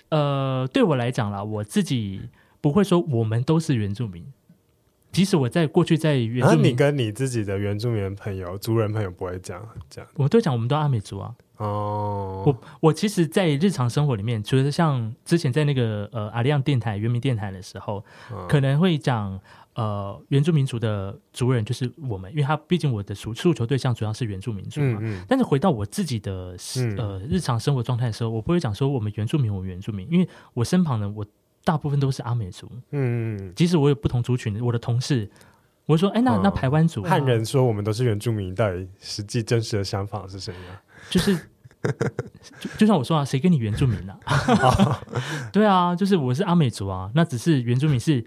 呃，對我來講啦，我自己。不會說我們都是原住民，即使我在過去在原住民，民、啊。你跟你自己的原住民朋友、族人朋友不會講這樣，這樣我都講我們都阿美族啊。哦，我我其實，在日常生活裡面，除了像之前在那個呃阿里亞電台、原民電台的時候，哦、可能會講呃原住民族的族人就是我們，因為他畢竟我的訴求對象主要是原住民族嘛。嗯嗯。但是回到我自己的呃日常生活狀態的時候，嗯、我不會講說我們原住民，我們原住民，因為我身旁的我。大部分都是阿美族，嗯，即使我有不同族群，我的同事，我說，哎、欸，那、嗯、那排灣族、啊，漢人說我們都是原住民，到底實際真實的想法是什麼、啊？就是 就，就像我說啊，誰跟你原住民啊？ 對啊，就是我是阿美族啊，那只是原住民是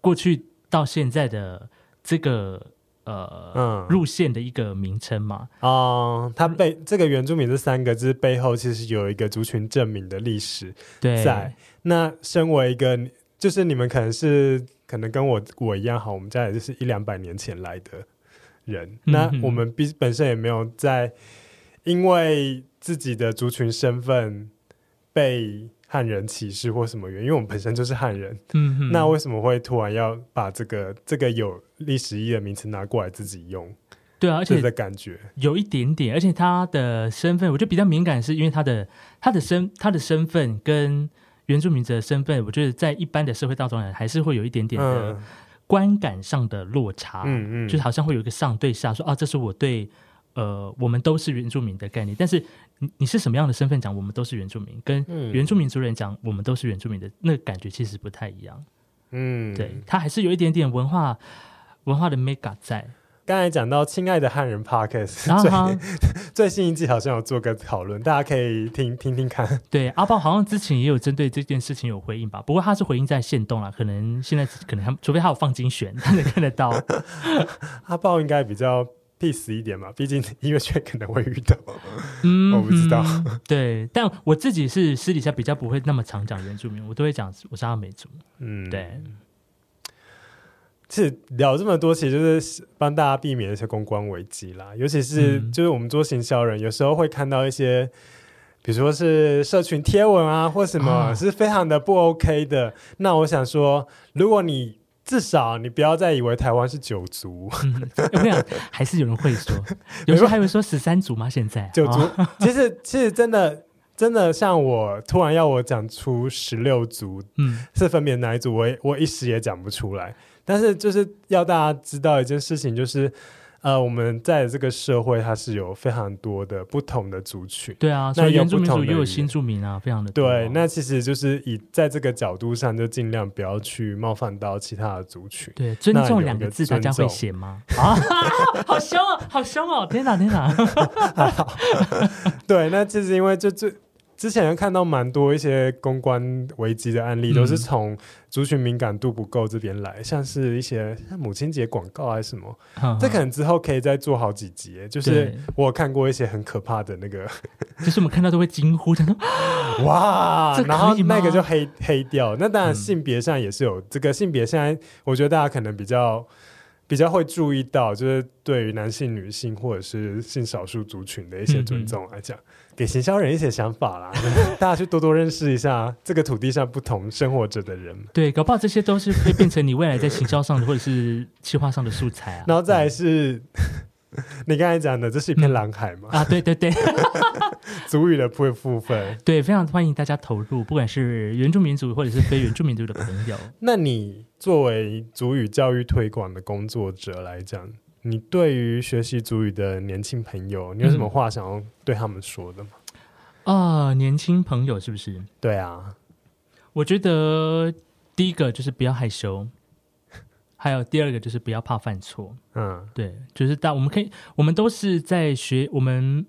過去到現在的這個呃、嗯、路線的一個名稱嘛。啊、嗯，嗯、他背這個原住民這三個字背後，其實有一個族群正名的歷史在。對那身為一個，就是你們可能是可能跟我我一樣，哈，我們家也就是一兩百年前來的人。嗯、哼那我們本本身也沒有在因為自己的族群身份被漢人歧視或什麼原因，因為我們本身就是漢人。嗯、哼那為什麼會突然要把這個這個有歷史意義的名詞拿過來自己用？對啊，而且的感覺有一點點，而且他的身份，我覺得比較敏感，是因為他的他的身他的身份跟。原住民的身份，我覺得在一般的社會當中還是會有一點點的觀感上的落差，嗯嗯、就是就好像會有一個上對下說，啊，這是我對，呃，我們都是原住民的概念，但是你你是什麼樣的身份講，我們都是原住民，跟原住民族人講我們都是原住民的那個、感覺其實不太一樣，嗯，對他還是有一點點文化文化的 mega 在。剛才講到《親愛的漢人 Podcast、啊哈》p a r k e 最新一季好像有做個討論，大家可以聽聽聽看。對，阿豹好像之前也有針對這件事情有回應吧？不過他是回應在限動啦，可能現在可能還除非他有放精選，他能看得到。 啊、阿豹應該比較 peace 一點嘛，畢竟音樂圈可能會遇到，嗯，我不知道、嗯。對，但我自己是私底下比較不會那麼常講原住民，我都會講我是阿美族。嗯，對。是聊這麼多，其實就是幫大家避免一些公關危機啦。尤其是，就是我們做行銷人，嗯、有時候會看到一些，比如說是社群貼文啊，或什麼、啊，哦、是非常的不 OK 的。那我想說，如果你至少你不要再以為台灣是九族，有、嗯、呵沒有？還是有人會說，有時候還會說十三族嗎？現在九族，哦、 其實其實真的真的，像我突然要我講出十六族，嗯，是分別哪一族，我我一時也講不出來。但是就是要大家知道一件事情，就是，呃，我們在這個社會，它是有非常多的不同的族群。對啊，那所以原住民族又有新住民啊，非常的多，哦，對。那其實就是以在這個角度上，就儘量不要去冒犯到其他的族群。對，尊重兩個字，大家會寫嗎？ 啊，好凶哦，好凶哦！天哪，天哪！ 好，對，那其實因為這這。之前看到蠻多一些公關危機的案例，都、嗯、是從族群敏感度不夠這邊來，像是一些母親節廣告還是什麼，呵呵這可能之後可以再做好幾集。就是對我有看過一些很可怕的那個，就是我們看到都會驚呼的呢，的哇！然後那個就黑黑掉。那當然性別上也是有，嗯、這個性別現在我覺得大家可能比較。比較會注意到，就是對於男性、女性或者是性少數族群的一些尊重來講，嗯嗯，給行銷人一些想法啦。 大家去多多認識一下這個土地上不同生活着的人，對，搞不好這些都是會變成你未來在行銷上的或者是企劃上的素材啊。然後再來是，嗯、你剛才講的，這是一片藍海嘛、嗯？啊，對對對， 族語的不會付費，對，非常歡迎大家投入，不管是原住民族或者是非原住民族的朋友。那你。作為族語教育推廣的工作者來講，你對於學習族語的年輕朋友，你有什麼話想要對他們說的嗎？啊、嗯呃，年輕朋友是不是？對啊，我覺得第一個就是不要害羞，還有第二個就是不要怕犯錯。嗯，對，就是大。我們可以，我們都是在學。我們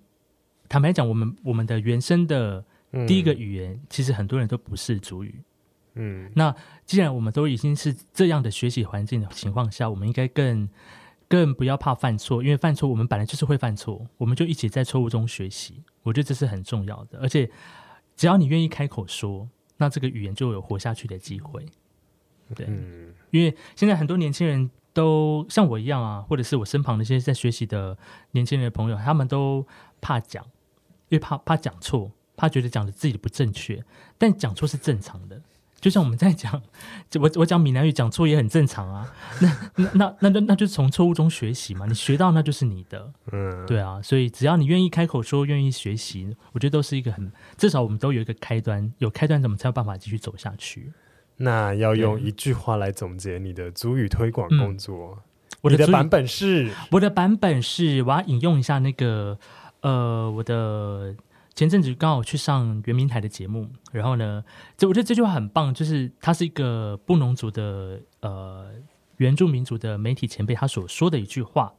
坦白講，我們我們的原生的第一個語言，嗯、其實很多人都不是族語。嗯，那既然我們都已經是這樣的學習環境的情況下，我們應該更更不要怕犯錯，因為犯錯我們本來就是會犯錯，我們就一起在錯誤中學習，我覺得這是很重要的。而且只要你願意開口說，那這個語言就有活下去的機會。對，因為現在很多年輕人都像我一樣啊，或者是我身旁的一些在學習的年輕人的朋友，他們都怕講，因為怕怕講錯，怕覺得講的自己不正確，但講錯是正常的。就像我們在講，我我講閩南語講錯也很正常啊。那那那那那就，那就從錯誤中學習嘛，你學到那就是你的，嗯，對啊。所以只要你願意開口說，願意學習，我覺得都是一個很至少我們都有一個開端。有開端，我們才有辦法繼續走下去。那要用一句話來總結你的族語推廣工作，嗯，我的，的版本是，我的版本是，我要引用一下那個呃，我的。前陣子剛好去上原民台的節目，然後呢，就我覺得這句話很棒，就是他是一個布農族的呃原住民族的媒體前輩，他所說的一句話。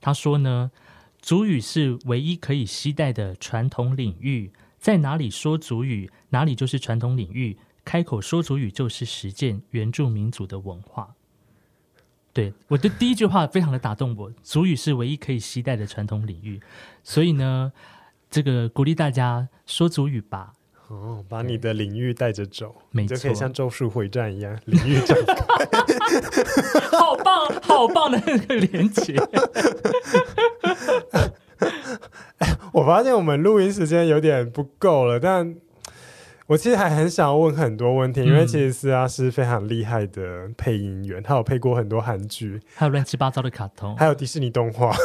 他說呢，族語是唯一可以攜帶的傳統領域，在哪裡說族語，哪裡就是傳統領域。開口說族語，就是實踐原住民族的文化。對，我的第一句話非常的打動我，族語是唯一可以攜帶的傳統領域，所以呢。這個鼓勵大家說族語吧！哦，把你的領域帶着走，錯就可以像咒術迴戰一樣領域展開。 好棒，好棒的那個連接、 哎！我發現我們錄音時間有點不夠了，但我其實還很想要問很多問題，嗯、因為其實斯拉是非常厲害的配音員，他有配過很多韓劇，還有亂七八糟的卡通，還有迪士尼動畫。啊、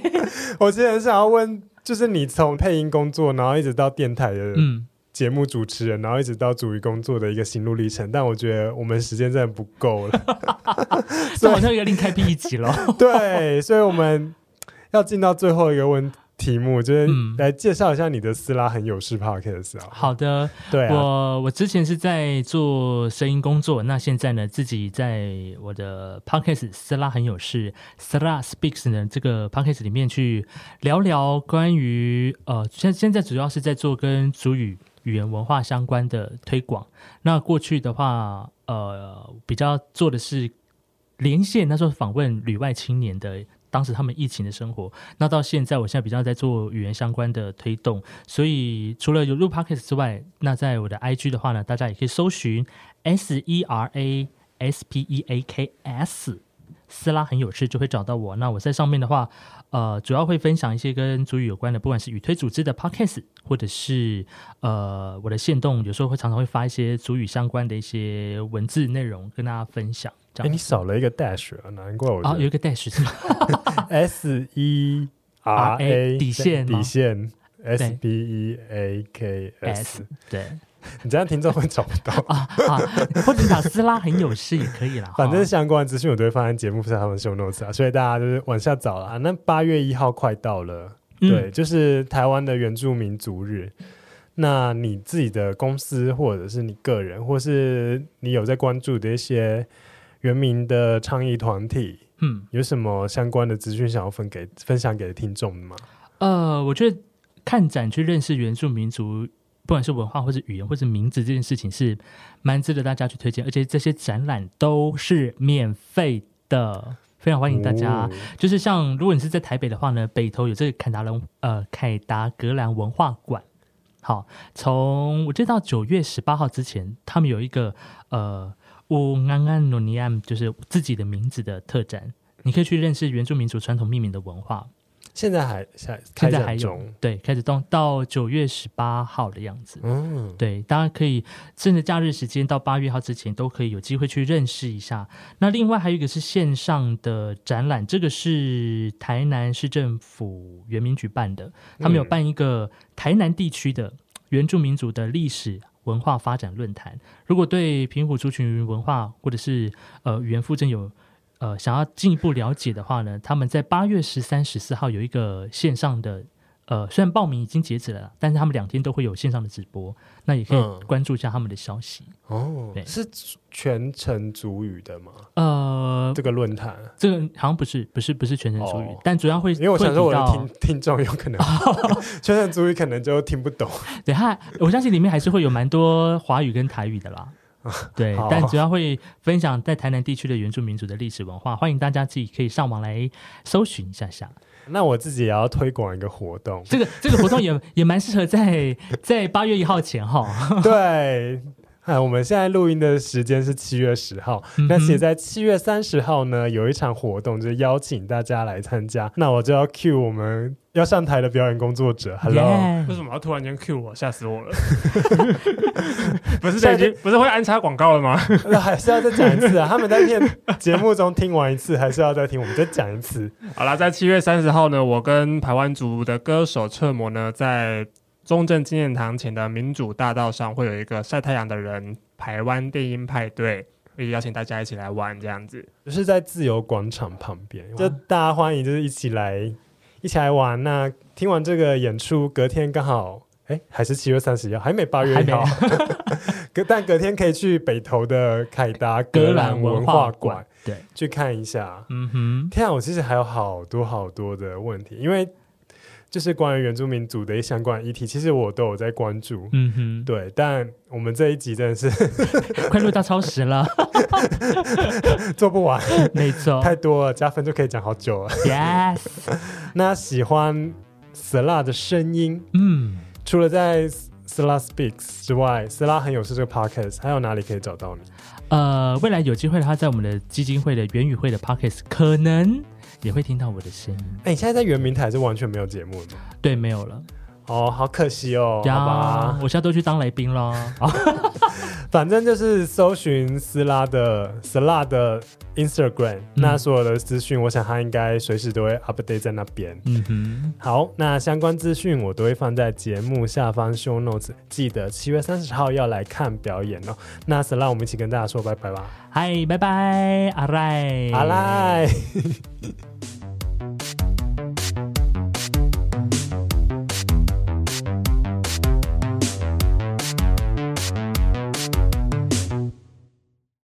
我其實很想要問。就是你從配音工作，然後一直到電台的節目主持人，嗯、然後一直到主持工作的一個心路歷程。但我覺得我們時間真的不夠了， 所以我們要另開闢一集了。 對，所以我們要進到最後一個問題。 題目就是來介紹一下你的斯拉很有事 podcast 啊、嗯。好的，對、啊，我我之前是在做聲音工作，那現在呢，自己在我的 podcast 斯拉很有事，Sera speaks 呢這個 podcast 裡面去聊聊關於呃，現現在主要是在做跟族語語言文化相關的推廣。那過去的話，呃，比較做的是連線，那時候訪問旅外青年的。當時他們疫情的生活，那到現在，我現在比較在做語言相關的推動，所以除了有入 podcast 之外，那在我的 IG 的話呢，大家也可以搜尋 s e r a s p e a k s，斯拉很有事就會找到我。那我在上面的話。呃，主要會分享一些跟族語有關的，不管是語推組織的 podcast，或者是呃我的限動，有時候會常常會發一些族語相關的一些文字內容跟大家分享。這樣哎，你少了一個 dash 難怪我啊，有一個 dash，是嗎 s e r a 底線底線 s p e a k s 對。你這樣聽眾會找不到， 啊，或者馬斯拉很有事也可以啦。 反正相關資訊我都會放在節目下方的們是 o t e s，所以大家就是往下找啊。那八月一號快到了，嗯、對，就是台灣的原住民族日。那你自己的公司，或者是你個人，或是你有在關注的一些原民的倡議團體，嗯，有什麼相關的資訊想要分給分享給聽眾的嗎？呃，我覺得看展去認識原住民族，不管是文化或是語言或是名字這件事情是蠻值得大家去推薦，而且這些展覽都是免費的，非常歡迎大家。就是像如果你是在台北的話呢，北投有這個凱達隆呃凱達格蘭文化館，好，從我知道九月十八號之前，他們有一個呃烏安安諾尼安就是自己的名字的特展，你可以去認識原住民族傳統命名的文化。現在還、開現在還有，對，開始動到九月十八號的樣子。嗯，對，大家可以趁着假日時間到八月號之前都可以有機會去認識一下。那另外還有一個是線上的展覽，這個是台南市政府原民局辦的，他們有辦一個台南地區的原住民族的歷史文化發展論壇。嗯、如果對平埔族群文化或者是呃語言復振有呃，想要進一步了解的話呢，他們在八月十三、十四號有一個線上的，呃，雖然報名已經截止了，但是他們兩天都會有線上的直播，那也可以關注一下他們的消息、嗯、哦。對是全程族語的嗎？呃，這個論壇，這個好像不是，不是，不是全程族語，哦、但主要會因為我想說我聽，我的聽聽眾有可能、哦、 全程族語可能就聽不懂。 對，他，我相信裡面還是會有蠻多華語跟台語的啦。對，好但主要會分享在台南地區的原住民族的歷史文化，歡迎大家自己可以上網來搜尋一下下。那我自己也要推廣一個活動，這個這個活動也 也蠻適合在在八月一號前後。對，哎，我們現在錄音的時間是七月十號，嗯、哼那其實在七月三十號呢，有一場活動，就邀請大家來參加。那我就要 cue 我們。要上台的表演工作者 Yeah.，Hello！為什麼要突然間 cue 我？嚇死我了！ 不是已經次不是會安插廣告了嗎？那 還是要再講一次啊！ 他們在節目中聽完一次， 還是要再聽？我們再講一次。好啦，在七月三十號呢，我跟排灣族的歌手徹摩呢，在中正紀念堂前的民主大道上會有一個曬太陽的人排灣電音派對，可以邀請大家一起來玩，這樣子。就是在自由廣場旁邊，就大家歡迎，就是一起來。一起來玩。那聽完這個演出，隔天剛好哎、欸、還是七月三十一號，還沒八月一號，隔還沒 但隔天可以去北投的凱達格蘭文化館去看一下。嗯哼，天啊，我其實還有好多好多的問題，因為。就是關於原住民族的一相關議題，其實我都有在關注。嗯哼，對，但我們這一集真的是 快錄到超時了， 做不完，沒錯錯，太多了，加分就可以講好久了。 Yes， 那喜歡 Sera 的聲音，嗯，除了在 Sera Speaks 之外，Sera 很有事這個 Podcast，還有哪裡可以找到呢？呃，未來有機會的話，在我們的基金會的原語會的 Podcast 可能。也會聽到我的聲音。哎、欸，你現在在原民台是完全沒有節目了嗎？對，沒有了。哦，好可惜哦！加呀吧，我現在都去當雷兵了。 反正就是搜尋斯拉的斯拉的 Instagram，嗯、那所有的資訊，我想他應該隨時都會 update 在那邊。嗯哼，好，那相關資訊我都會放在節目下方 show notes，記得七月三十號要來看表演哦。那斯拉，我們一起跟大家說拜拜吧！嗨，拜拜，阿賴，阿嘞。